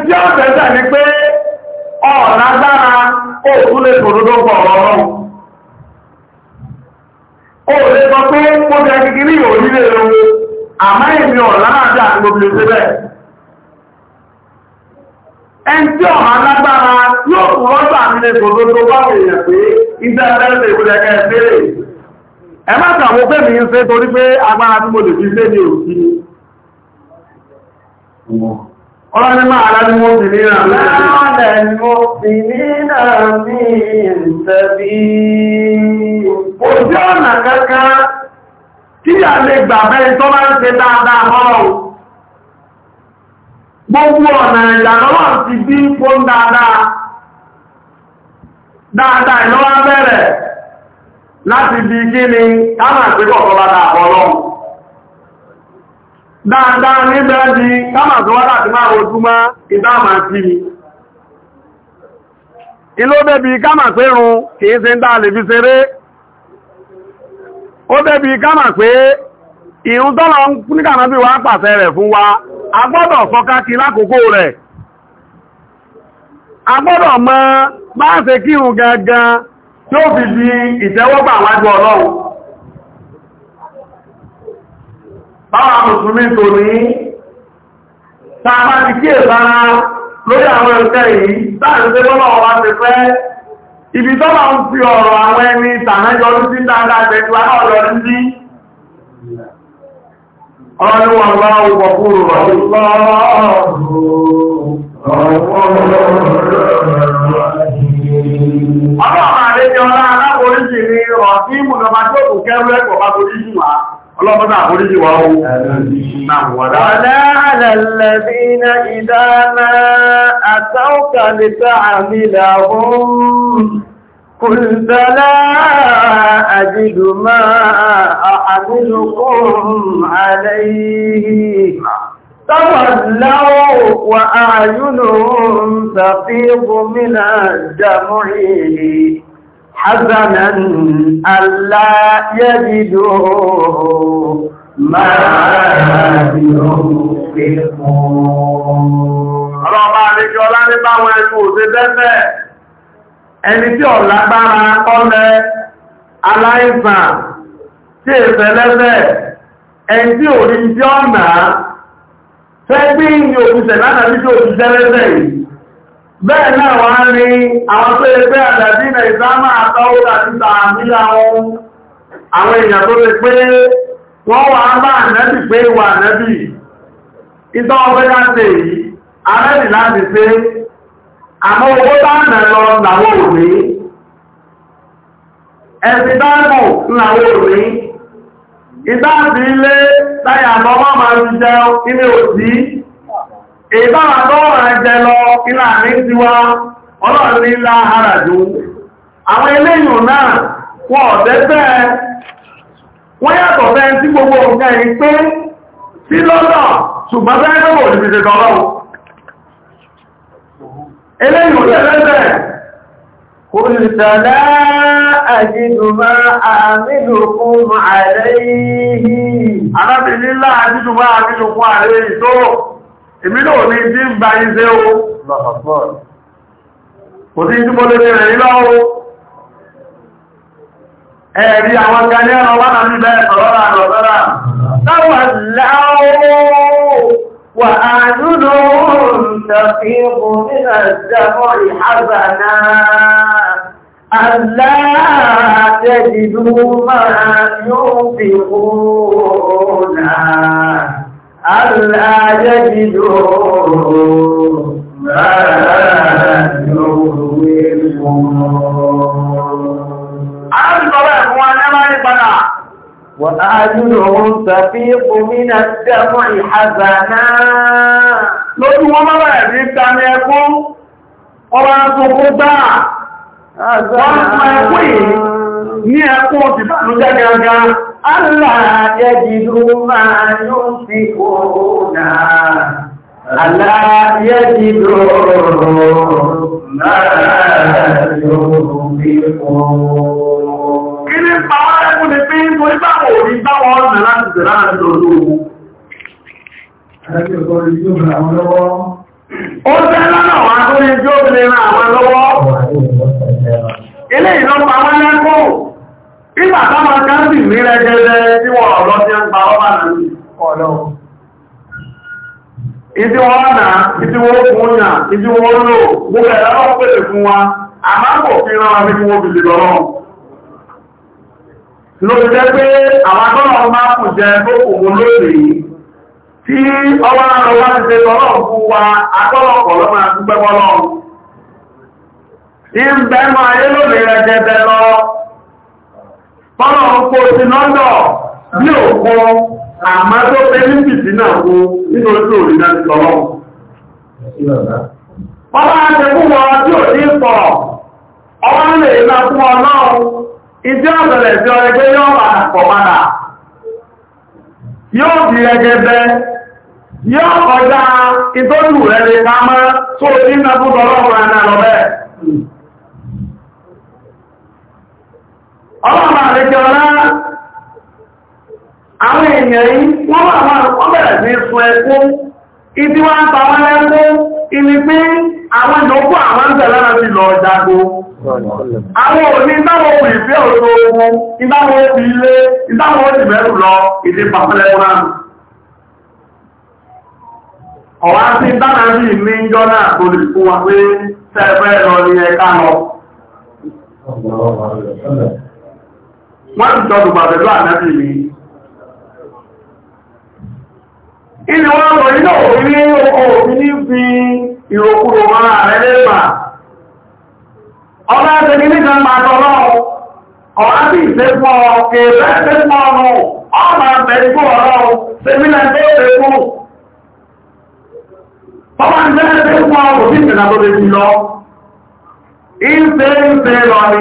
tí ó tẹ́tẹ̀ ní pé ọ̀lágbára àmọ́ èmi ọ̀lá àti àtìmòbìlì ṣe tí ọ̀hà lágbára yóò kù lọ́sọ̀ àmìlẹ̀ ya tó bá èèyàn pé iṣẹ́ ẹlẹ́sẹ̀ ìpínlẹ̀ kẹsẹ̀rẹ̀ ẹ má kàwọ́ pé mi ń ṣe torí pé agbára tí mo lè fi ní òkú ni ní àmì ìṣẹ́bí kíyà lè gbà bẹ́ẹ̀ tó bá ń dáadáa mọ́rọ̀ gbogbo ọ̀nà ti bí fún dáadáa dáadáa bẹ̀rẹ̀ láti bí kí ni káàmà sí kọ̀kọ́ bá dáadáa níbẹ̀ di káàmà sí wọ́n láti máa ojúmọ́ ìdáàmà sí mi káàmà kìí ó débi kámà pé ìrún tọ́lọ nígbàmọ́ bí wa a gbọ́dọ̀ fọ́kákí lákòókò rẹ̀ a gbọ́dọ̀ mọ̀ bá ṣe kírun gangan tí ó fi di ìtẹ́wọ́gbà wájú ọlọ́run lórí ibi tọ́lá ń fi ọ̀rọ̀ àwọn ẹni tànájọ́ ló sí dáadáa tẹ̀síwá náà lọ rí sí ọlọ́wọ́ bá ọgbọ̀ kúrò ọlọ́wọ́ àrẹ́jọ́ اللهم دع فرجي وهو ولا على الذين إذا ما أتوك لتعملهم قلت لا أجد ما أحملكم عليه تولوا وأعينهم تفيض من الدمع حزنا ألا يجدوا ما يجدوا في Ọlọ́pàá àlejò ọlá ní báwọn ẹnu òṣè bẹ́ẹ̀ ẹni tí ọ̀lá gbára ọlẹ́ aláìsàn tí èfẹ́ lẹ́fẹ́ ẹni tí ò rí jẹ́ ọ̀nà fẹ́ gbí ìyìn òṣìṣẹ́ lánàá ní tí òṣìṣẹ́ lẹ́fẹ́ yìí bẹ́ẹ̀ náà wá ní àwọn tó lè pé àdàdí ilẹ̀ ìsámà àtọ́wò àti tààmílà ohun àwọn èèyàn tó lè pé wọ́n wà bá ànẹ́bì pé wà ànẹ́bì ìtọ́ ọgbẹ́ láti èyí arẹ́bì láti pé àmọ́ owó dáàmẹ́ lọ làwọ́ òní ẹ̀sì dáàmù làwọ́ ìbára tọ́rọ ẹjẹ lọ iná ní tiwa ọlọ́run ní ńlá àràjú àwọn eléyìn náà wọ́n ọ̀dẹ́fẹ́ wọ́n yàtọ̀ fẹ́ tí gbogbo nǹkan yìí sí lọ́dọ̀ ṣùgbọ́n tó èmi náà ní tí ń ba iṣẹ́ o kò sí túnbọ̀ lórí rẹ̀ nílọ́ o ẹ̀rí àwọn gani ọ̀rọ̀ wà náà níbẹ̀ ọ̀rọ̀rà ọ̀rọ̀rà táwà láwọ́ wà ánúlò ìtàfíìkù nínú ìjọmọ̀ ìhàzànà ألا يجدوا ما وأعينهم تفيض من الدمع حزنا lójú wọn bá bẹ̀rẹ̀ sí tàbí ẹkún ọba tó kó bá wọ́n mọ ẹkún yìí ní ẹkùn ìbànújẹ́ gangan aláàjẹ́jìdú máa ń fi kòrónà aláàjẹ́jìdú máa ń fi kòrónà kí ní pàwọ́ ẹkùn ní pé tó ìbáwọ̀ orí báwọ̀ ọ̀nà láti jẹ́ láti lọ́lọ́wọ́ Ó jẹ́ lọ́nà wá tó ní jó Ìgbà táwọn kan sì ní rẹ̀gẹ̀rẹ̀ tí wọ́n ọ̀rọ̀ tí ń pa ọba náà ní ọ̀lọ́. Ìdí wọ́n nà, ìdí wọ́n fún yà, ìdí wọ́n lò, mo bẹ̀rẹ̀ fún wa, àmá kò rán ní lọ́rọ̀. jẹ́ pé àwọn akọ́lọ̀ fọ́nà ń kó sí lọ́dọ̀ bí òkú àmá tó pé ní bìtì náà kú nínú ojú òrí náà sọ́lọ́. Ọlá ti fún wọn tí ò ní sọ, lè fún wọn náà, ìdí ọ̀bẹ̀rẹ̀ sí ọrẹ pé yóò padà pọ̀ padà. Yóò di yóò kọjá ìtọ́jú rẹ̀ lè ká mọ́ tó ní ọlọ́run àrẹjọ náà àwọn èèyàn yìí wọ́n wà wọ́n bẹ̀rẹ̀ sí sun ẹkún ibi wọ́n ń pa wọ́n ibi pé àwọn ìyókù àwọn ìṣẹ̀lẹ̀ náà ti lọ jago àwọn òní ìfẹ́ ogun ilé lọ ìdí náà wọ́n ti jọ dùgbà wọn kò nínú òfin ní ní fi ìròkúrò lẹ́gbà ọlá ẹgbẹ̀rẹ̀ máa tọ́lọ́ ọ̀rá sí ọmọ ẹgbẹ̀fọ́ ọ̀rọ̀ sẹ́mínà ẹgbẹ̀fọ́ ọmọ ẹgbẹ̀fọ́ ọ̀rọ̀ sí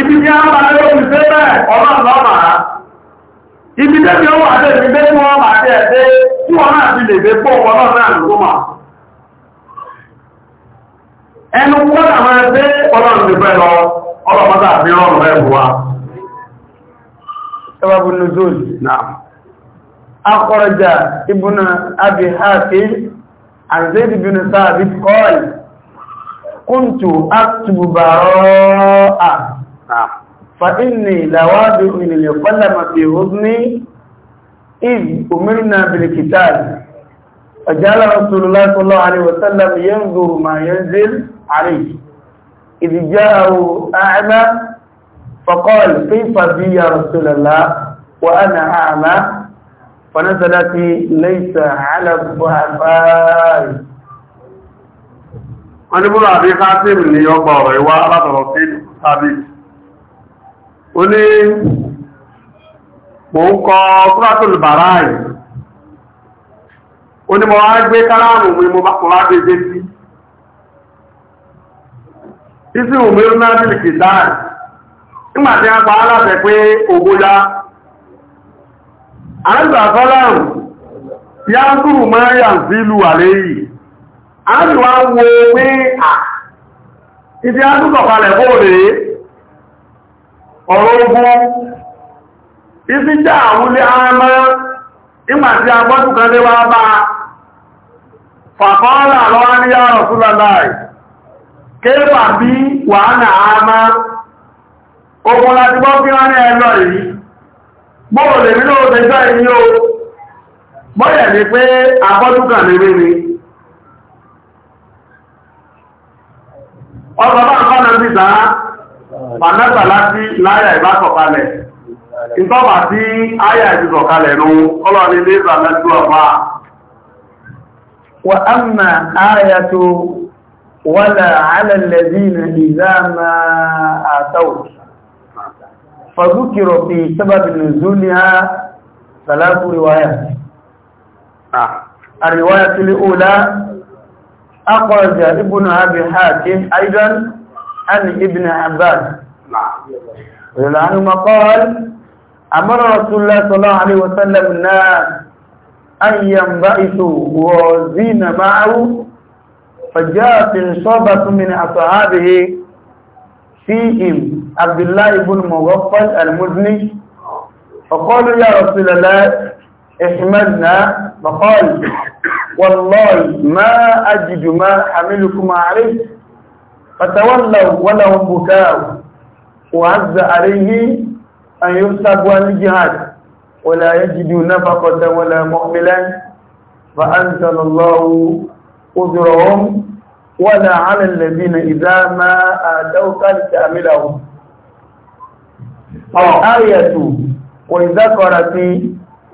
ibi tí a bá ló ti fẹ́ bẹ́ẹ̀ ibi tẹ́bí ó wà tẹ́ ti gbé fún ọmọ àti ẹ̀dẹ́ tí wọ́n náà ti lè gbé pọ̀ ọlọ́ọ̀lọ́ àlùkọ́mà ẹnu wọ́n àwọn ẹgbẹ́ ọlọ́run ti fẹ́ lọ ọlọ́mọdé àti sababu abi kuntu فإني لوادع إلى القلم في غضني إذ أمرنا بالكتاب فجعل رسول الله صلى الله عليه وسلم ينظر ما ينزل عليه إذ جاءه أعمى فقال كيف بي يا رسول الله وأنا أعمى فنزلت ليس على الضعفاء ونبقى أبي قاسم اللي يوقع ويوقع على ضرطين ثابت ó ní mò ń kọ Suratul Bara'a ó ní mo wá gbé káràmù mi mo gbé sí isi òmìnir náà ti lè kì nígbàtí a pa aláṣẹ pé owó ya àìsà sọ́lọ́rùn ya ń kúrù máa yà ń sí ìlú àlẹ́ yìí a wá wo pé à ah, ìdí ọ̀rọ̀ ogun ìsíjà àwúlé àmá ìgbàtí agbọ́tùkanlé wá bá fàkọ́ọ́lá lọ́wọ́ ní yàrá súlọ́láì kéèbà bí wà nà àmá ogun láti bọ́ wọ́n ní ẹlọ yìí bóò lè nínú òṣèjọ́ ìní o bọ́yẹ̀ ní pé agbọ́tùkanlé rí ni Bàdẹ́sà láti láyà ìbákọ̀kalẹ̀. Ìtọ́bà tí áyà ìbíkọ̀kalẹ̀ nú, ọlọ́ni lè bà mẹ́tú ọ̀pá. Wà á mà áyà tó wọ́lá alẹ́lẹ́dí na ìzáàmà àtàwò. Fàzúkìrọ̀ fi sábàbì nù zúlì ha sàlátù ابن أبي حاتم أيضا عن ابن عباس رضي عنهما قال أمر رسول الله صلى الله عليه وسلم الناس أن ينبعثوا وزين معه فجاءت صحبة من أصحابه فيهم عبد الله بن مغفل المزني فقالوا يا رسول الله احمدنا فقال والله ما أجد ما حملكم عليه فتولوا ولهم بكاء وعز عليه أن يصاب الجهاد ولا يجد نفقة ولا مؤملا فأنزل الله أذرهم ولا على الذين إذا ما آتوك لتأملهم الآية وذكرت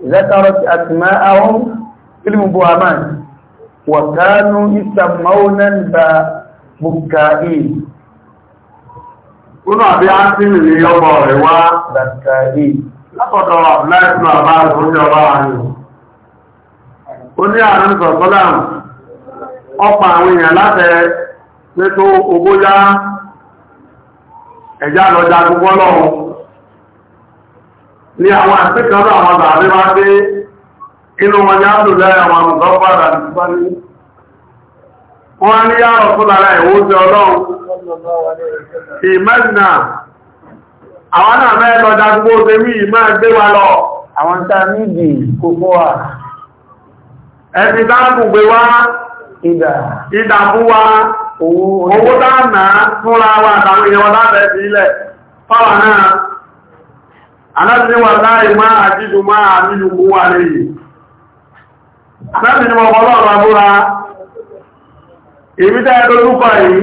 ذكرت أسماءهم في المبهمان وكانوا يسمون الباء Mùkàí. Únà a ti rí ọmọ rẹ̀ wá Dàkàí. Látọ̀dọ̀ Abdullahi Bàbá Ìfúnjọba Àyò. Ó ní àrùn Sọ̀tọ́làm, ọpa àwọn èèyàn látẹ pé tó ẹ̀já lọ́jà gbogbo lọ́wọ́. Ní àwọn àwọn dé inú wọn ni wọ́n ní yàrọ̀ fún lára ìwúsẹ̀ ọlọ́run kì àwọn náà mẹ́ lọ dágbó ṣe mí máa gbé wa lọ àwọn tá nídi kókó wà ẹ̀sìn gbé wa owó wa àtàwọn èèyàn ilẹ̀ náà láì máa máa èmi dáa lórúkọ yìí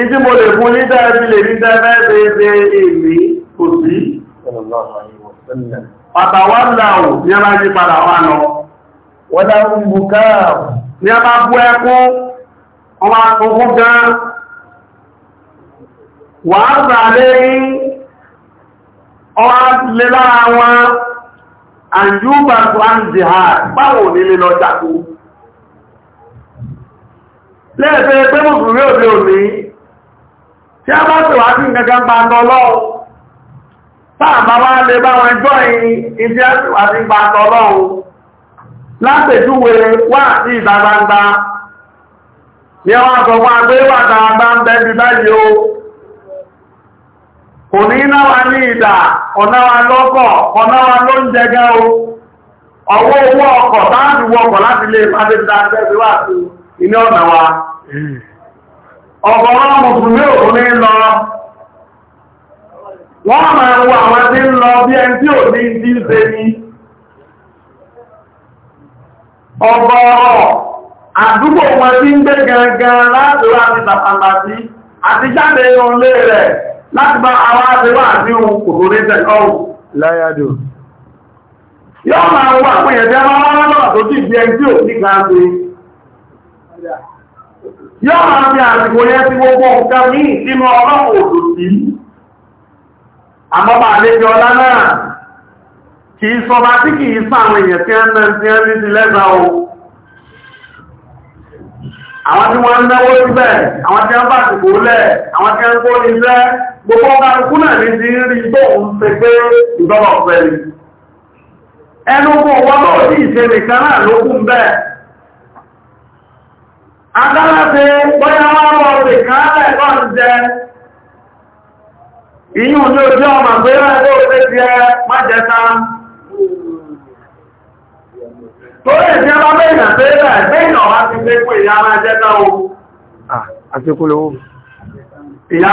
ìdí mo lè fún ní dáa bí lè ní dáa mẹ́rin ṣe èmi kò sí pàtàwọ́lá ò ní a máa jí padà wà lọ wọ́n dá ń bù káà ní a máa ọwá lè lára wọn àjúbà tó á nílé lọ jákòó lẹ́ẹ̀fẹ́ pé mùsùlùmí òde òní tí a bá sì wá sí nǹkan gbàndọ̀ lọ́wọ́ táàbá lè bá wọn jọ ìyìn tí a sì wá sí gbàndọ̀ lọ́wọ́ látẹ̀júwe wà sí ìta gbangba ní ọwọ́ sọ fún agbé wà gbangba ń bẹ́ bí báyìí o kò ní náwa ní ìdà ọ̀nà lọ́kọ̀ ọ̀nà ló ń jẹgẹ́ o ọwọ́ owó ọkọ̀ bá iná ọ̀nà wa ọ̀gọ̀rọ̀ mùsùlùmí òun ní lọ wọ́n máa wo àwọn tí ń lọ bí ẹni tí ò ní ti ń ṣe ní ọ̀gọ̀rọ̀ àdúgbò wọn tí ń gbé gangan láti wá ti sí àti jáde ohun lé rẹ̀ láti bá àwọn àti ohun ní yọ́ máa Yọ́ na fi àsìkò onye ti gbogbo nǹkan ní ìsinmi ọlọ́pọ̀ òdò sí. Àmọ́ bá ọlá náà kìí sọba tí kìí tí tí ní ti lẹ́gbà o. Àwọn tí wọ́n ń síbẹ̀, àwọn tí bá ti kò lẹ̀, àwọn tí ẹn kó ní lẹ́, gbogbo ọba kúnlẹ̀ ní ti rí tó ń pé Adáláṣe bọ́yá wọ́n wọ́n rẹ̀ káàlẹ̀ wọ́n jẹ. Ìyún ní ojú ọmọ pé rẹ̀ ó fẹ́ jẹ májẹta. Tó lè jẹ́ bá mẹ́rin àti ẹgbẹ́ ìgbẹ́yìn ọ̀wá ti fẹ́ pé ìyá máa o. Ìyá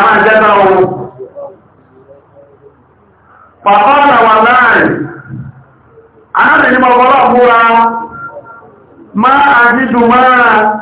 o. Pàpá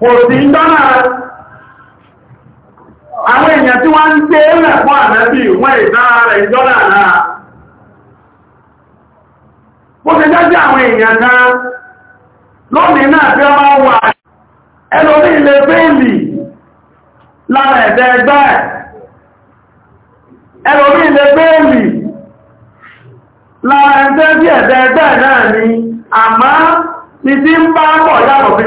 kò sí dọ́nà àwọn èèyàn tí wọ́n ń tẹ́ ẹ̀rẹ̀ fún wọ́n ìdára rẹ̀ ìjọ́nà náà ó ti jẹ́ sí àwọn èèyàn náà lónìí náà tí ọmọ wà ẹlòmí ilé bẹ́ẹ̀lì lára ẹ̀dẹ́ ẹgbẹ́ ẹlòmí ilé bẹ́ẹ̀lì lára ẹ̀dẹ́ ni ti ń bá bọ̀ yàtọ̀ fi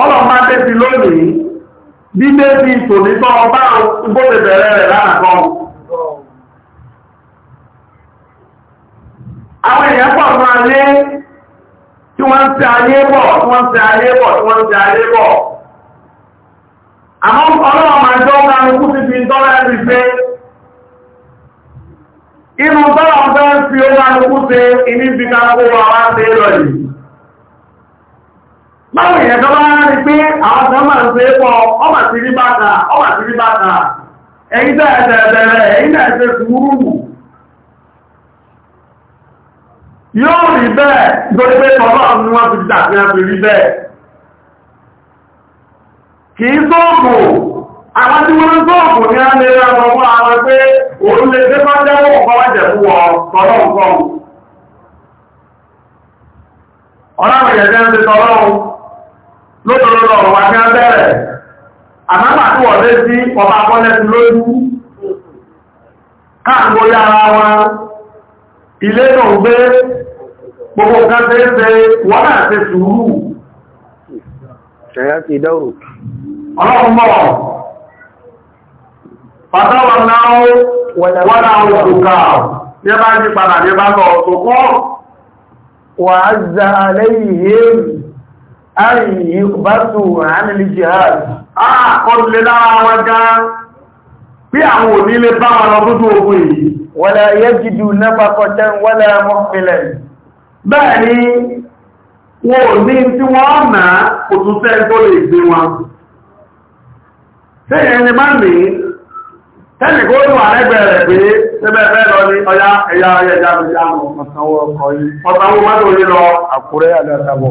ọlọ́run máa dé sí lónìí dídé sí tònítọ́ ọba gbóde bẹ̀rẹ̀ rẹ̀ lánàkọ́ àwọn èèyàn pọ̀ fún ayé tí wọ́n ń ṣe ayé bọ̀ tí wọ́n ń ṣe ayé bọ̀ tí wọ́n ń ṣe ayé bọ̀ àmọ́ ọlọ́run máa jọ ń kanu kú títí tọ́lá ẹni ṣe inú tọ́lá ń fẹ́ fi ó kanu kú ṣe ìníbi kakó wa wá ṣe lọ yìí báwọn èèyàn tó bá rí pé àwọn tó máa ń pé pọ̀ ọmọ sí rí bàtà ọmọ sí rí bàtà ẹ̀yìn tẹ́ ẹ̀tẹ̀ẹ̀tẹ̀rẹ̀ ẹ̀yìn tẹ́ ẹ̀tẹ̀ sùúrù yóò rí bẹ́ẹ̀ nítorí pé tọ́lọ́run ni wọ́n ti dàbí ẹ̀fì rí bẹ́ẹ̀ kì í sọ́ọ̀bù àwọn tí wọ́n sọ́ọ̀bù ní alẹ́ ẹ̀rọ fún àwọn lóòrò ọ̀wà ní abẹ́rẹ̀ àmágbà tí wọ̀ lé sí ọba akọ́lẹ́sí lójú káàkiri ara wọn ilé náà gbé gbogbo nǹkan ṣe wọ́n náà ṣe sùúrù ṣẹ̀yà ti dáwò ọlọ́run mọ́ zà ààyè ìbátò àánìlì jihad àkọlẹ̀ lára wọn gan bí àwọn onílé bá ogun èyí wala yajidu nafaqatan wala muhmilan bẹ́ẹ̀ ni wọ́n ò ní tí wọ́n nà kò tún tẹ́ tó lè gbé wọn tí lọ ọya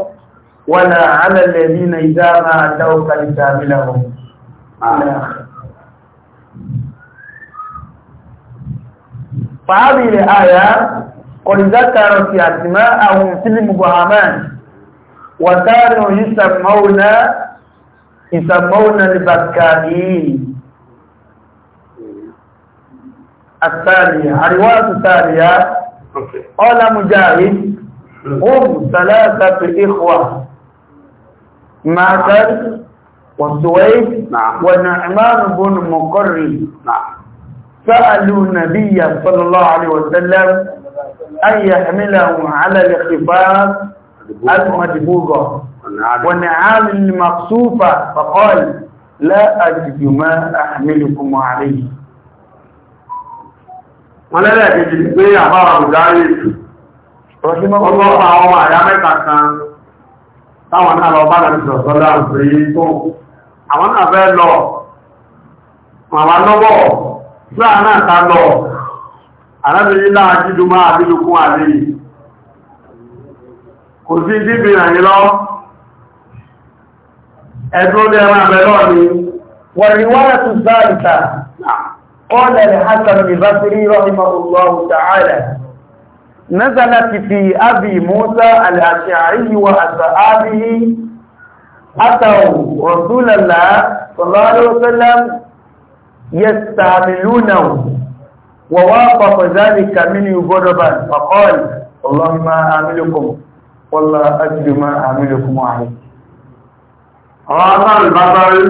ولا على الذين إذا ما أتوك لتعملهم على فهذه الآية ذكر ذكرت أسماءهم في المبهمات وكانوا يسمون يسمون البكائين الثانية الرواية الثانية قال مجاهد هم ثلاثة إخوة ماتت والسويد نعم. ونعمان بن مقر نعم. سألوا النبي صلى الله عليه وسلم أن يحملهم على الخفاف المدبوغة ونعام المقصوفة فقال لا أجد ما أحملكم عليه wọ́n lẹ́lẹ́ ìdíjì pé àbára bùdárí ìtù ọlọ́pàá ọmọ àyá mẹ́ta kan táwọn náà lọ bá lọ sọ sọ́lá pé tó àwọn náà fẹ́ lọ màmá lọ́wọ́ sí àná ta lọ arábìnrin náà jíjú máa àbílùkún àlè kò sí díbi ràn yín lọ ẹ̀dùn ní ẹran abẹ lọ ni والرواية الثالثة قال الحسن البصري رحمه الله تعالى نزلت في أبي موسى الأشعري وأصحابه أتوا رسول الله صلى الله عليه وسلم يستعملونه ووافق ذلك مني غضبا فقال والله ما أعملكم والله أجد ما أعملكم عليه Ọ̀rọ̀ ìbábárí,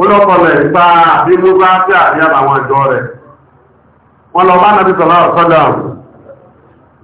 ó lọ́pọ̀lẹ̀ ìgbà àbí gbogbo àti àríyàn àwọn ìjọ rẹ̀. Wọ́n lọ bá nàbí sọ̀rọ̀ ọ̀sọ́dọ̀ àwọn.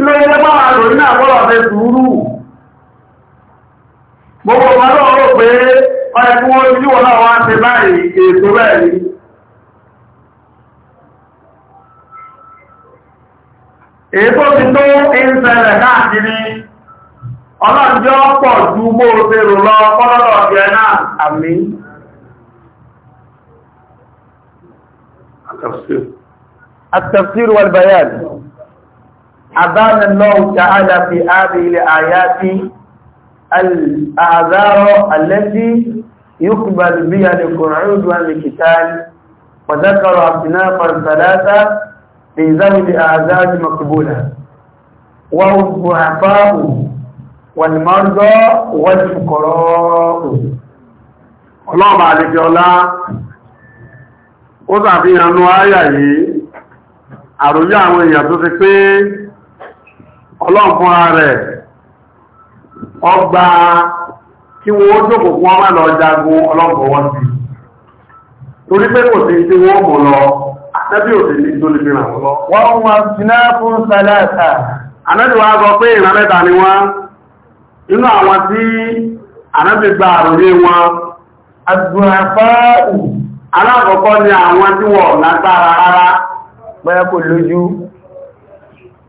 ló yẹ báwa lò ní àgbọ́rọ̀ ọ̀fẹ́ sùúrù gbogbo wọn náà rò pé ọ̀rẹ́ tí wọ́n ní wọ́n náà wá ṣe báyìí èso bẹ́ẹ̀ ni ti tó ń káàkiri ọlọ́jọ́ pọ̀ ju bó ṣe lọ náà àmì التفسير والبيان أبان الله تعالى في هذه الآيات الأعذار التي يقبل بها القعود والقتال وذكر اصنافا ثلاثة في ذوي الأعذار مقبولة وهم الضعفاء والمرضى والفقراء اللهم عليك يا الله ó sàfihàn ní ayà yìí àròyé àwọn èèyàn tó ti pé ọlọ́run fúnra rẹ̀ ọgbà kí wọ́n ó jókòó fún ọmọ lọ jagun ọlọ́pọ̀ sí torí pé kò sí tí wọ́n mọ̀ lọ tẹ́bí ò sí ní tó lè fi lọ wọ́n wọ́n sí náà fún sàlẹ́ẹ̀ta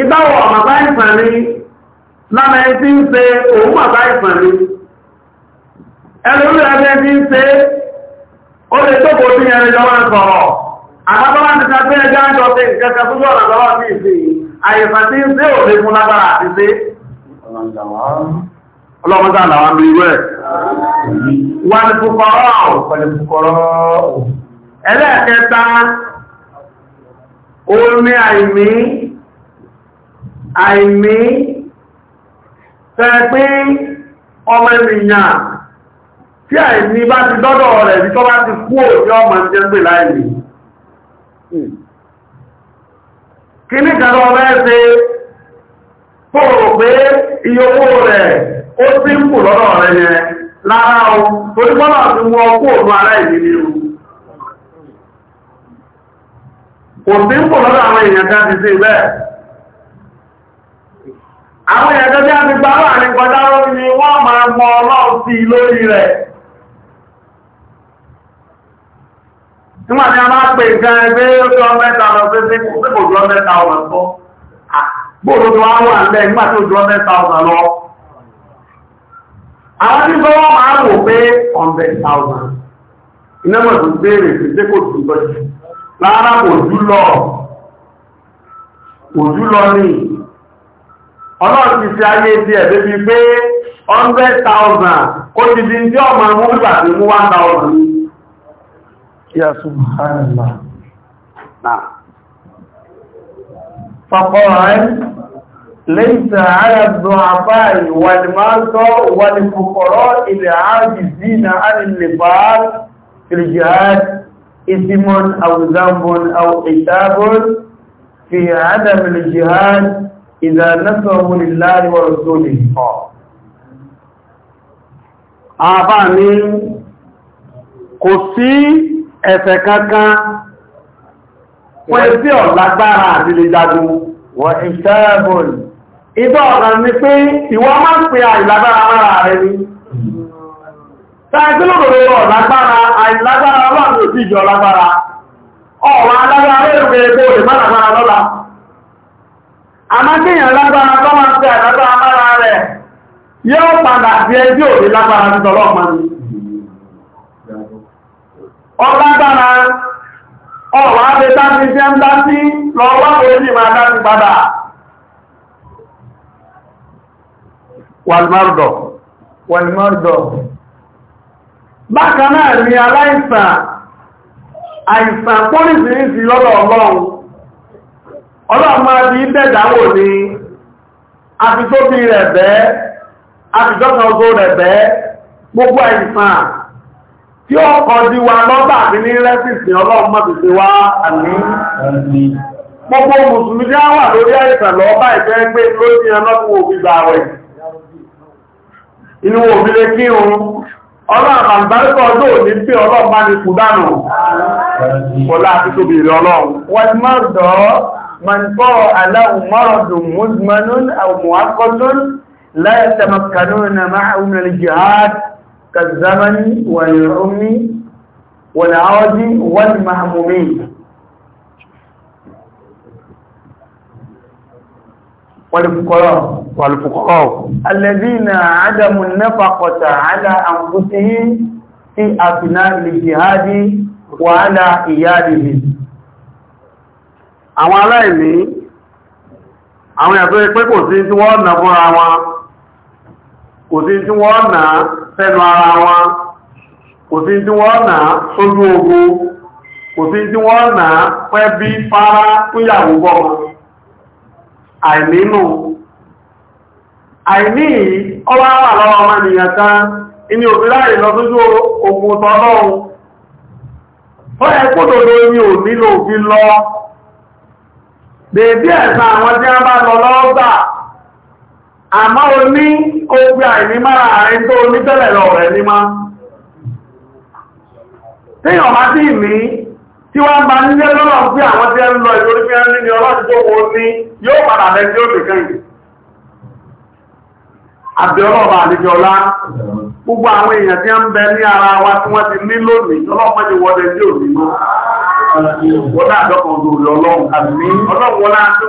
ìbáwọ̀ bàbá ìsàn ni ń òun ni ẹlòmí ẹgbẹ́ tí ń ṣe ó lè tókò sí ẹni jọ sọ̀rọ̀ àbábọ́lá ti ta ẹjọ́ àjọ pé ìkẹta tó lọ́rọ̀ sí ìsìn àyèfà tí ń ṣe òde fún lágbára àti bí àìní fẹ́ pé ọmọ ènìyàn tí àìní bá ti dọ́dọ̀ rẹ̀ bí tó bá ti kú ò ní ọmọ jẹ́ pè láìní kí ní kàrọ mẹ́ẹ̀ṣe fòrò pé iyokó rẹ̀ ó sí ń kù lọ́dọ̀ rẹ̀ yẹn lára ti mú ọkú òun ni o kò sí ń àwọn ẹ̀dọ́ tí a ti gbà láàrin kọjá lórí ni wọ́n máa mọ ọlọ́run sí lórí rẹ̀ nígbàtí a máa pè gan ẹgbẹ́ ojú mẹ́ta lọ sí kò tó wá wà lọ àwọn tí sọ wọ́n máa wò pé jù lọ kò jù ọlọ́run ti fi ayé ti ẹ̀dẹ́ fi pé 100,000 kó ti di tí ọmọ mú nígbà tí mú 1,000 yà subhanallah náà فقال ليس على الضعفاء والمرضى والفقراء العاجزين عن النفاق في الجهاد إثم أو ذنب أو عتاب في عدم الجهاد إذا نصره لله ورسوله àbá ní kò sí ẹ̀fẹ̀ kankan fún ẹbí ọ̀lágbára àti lè jagun wọ́n ìṣẹ́bùn ìdọ́ ọ̀rọ̀ ni pé ìwọ máa ń pè àìlágbára mara rẹ ni tàìsílòdòdó ọ̀lágbára àìlágbára ọlọ́run ò sí ìjọ ọlágbára ọ̀rọ̀ alágbára rẹ̀ rẹ̀ àmájẹ́yàn lágbára tó máa tẹ́ àdájọ́ amára rẹ̀ yóò padà sí ẹjọ́ òní lágbára ti tọ́lọ́ ọ̀pàá ọlágbára ọ̀wà àbẹ́ta ti jẹ́ ń dá sí lọ́wọ́ orí máa dá sí padà wàlmọ́rọ̀dọ̀ wàlmọ́rọ̀dọ̀ bákan náà ni aláìsàn àìsàn pólìsì ní sí lọ́dọ̀ ọlọ́run ọlọ́run máa fi dẹ̀dáwò ni àfitóbi rẹ̀ bẹ́ àfitọ́kan rẹ̀ bẹ́ gbogbo àìsàn tí ó kọ́ di wa lọ́bà ní rẹ́sìsì ọlọ́run mọ́ ti wá àní gbogbo mùsùlùmí tí a wà lórí àìsàn lọ́bà ìfẹ́ gbé lórí من طرأ له مرض مزمن أو مؤقت لا يتمكنون معه من الجهاد كالزمن والعم والعوج والمهمومين والفقراء والفقراء الذين عدموا النفقة على أنفسهم في أثناء الجهاد وعلى إيالهم àwọn aláìní àwọn ìyàtọ̀ pé kò sí tí wọ́n nà fúnra wọn kò sí tí wọ́n nà fẹ́nu ara wọn kò sí tí wọ́n nà sójú ogun kò sí tí wọ́n nà pẹ́ bí fárá fúyàwó bọ́ àìnínú àìní ọwá wà lọ́wọ́ ọmọ ènìyàn inú sójú ogun bèbí ẹ̀sán àwọn tí wọ́n bá lọ lọ́ọ́gbà àmọ́ o ní ogbí àìní mára àárín tó ní tẹ́lẹ̀ lọ rẹ̀ ní má tíyàn bá tí ní tí wọ́n bá nílé lọ́nà pé àwọn tí ẹ ń lọ ìlú orí fi ẹ́ ní ọlọ́dún tó wọ́n ní yóò padà lẹ́jọ́ òbí kẹ́yìn àbí ọlọ́ọ̀bà àlejò ọlá gbogbo àwọn èèyàn tí a ń bẹ ní ara wa tí wọ́n ti ní lónìí ọlọ́pàájì wọlé ní mọ́ wọ́dá àjọkàn ọlọ́run àmì ọlọ́run wọlá tí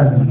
wọ́n ń lò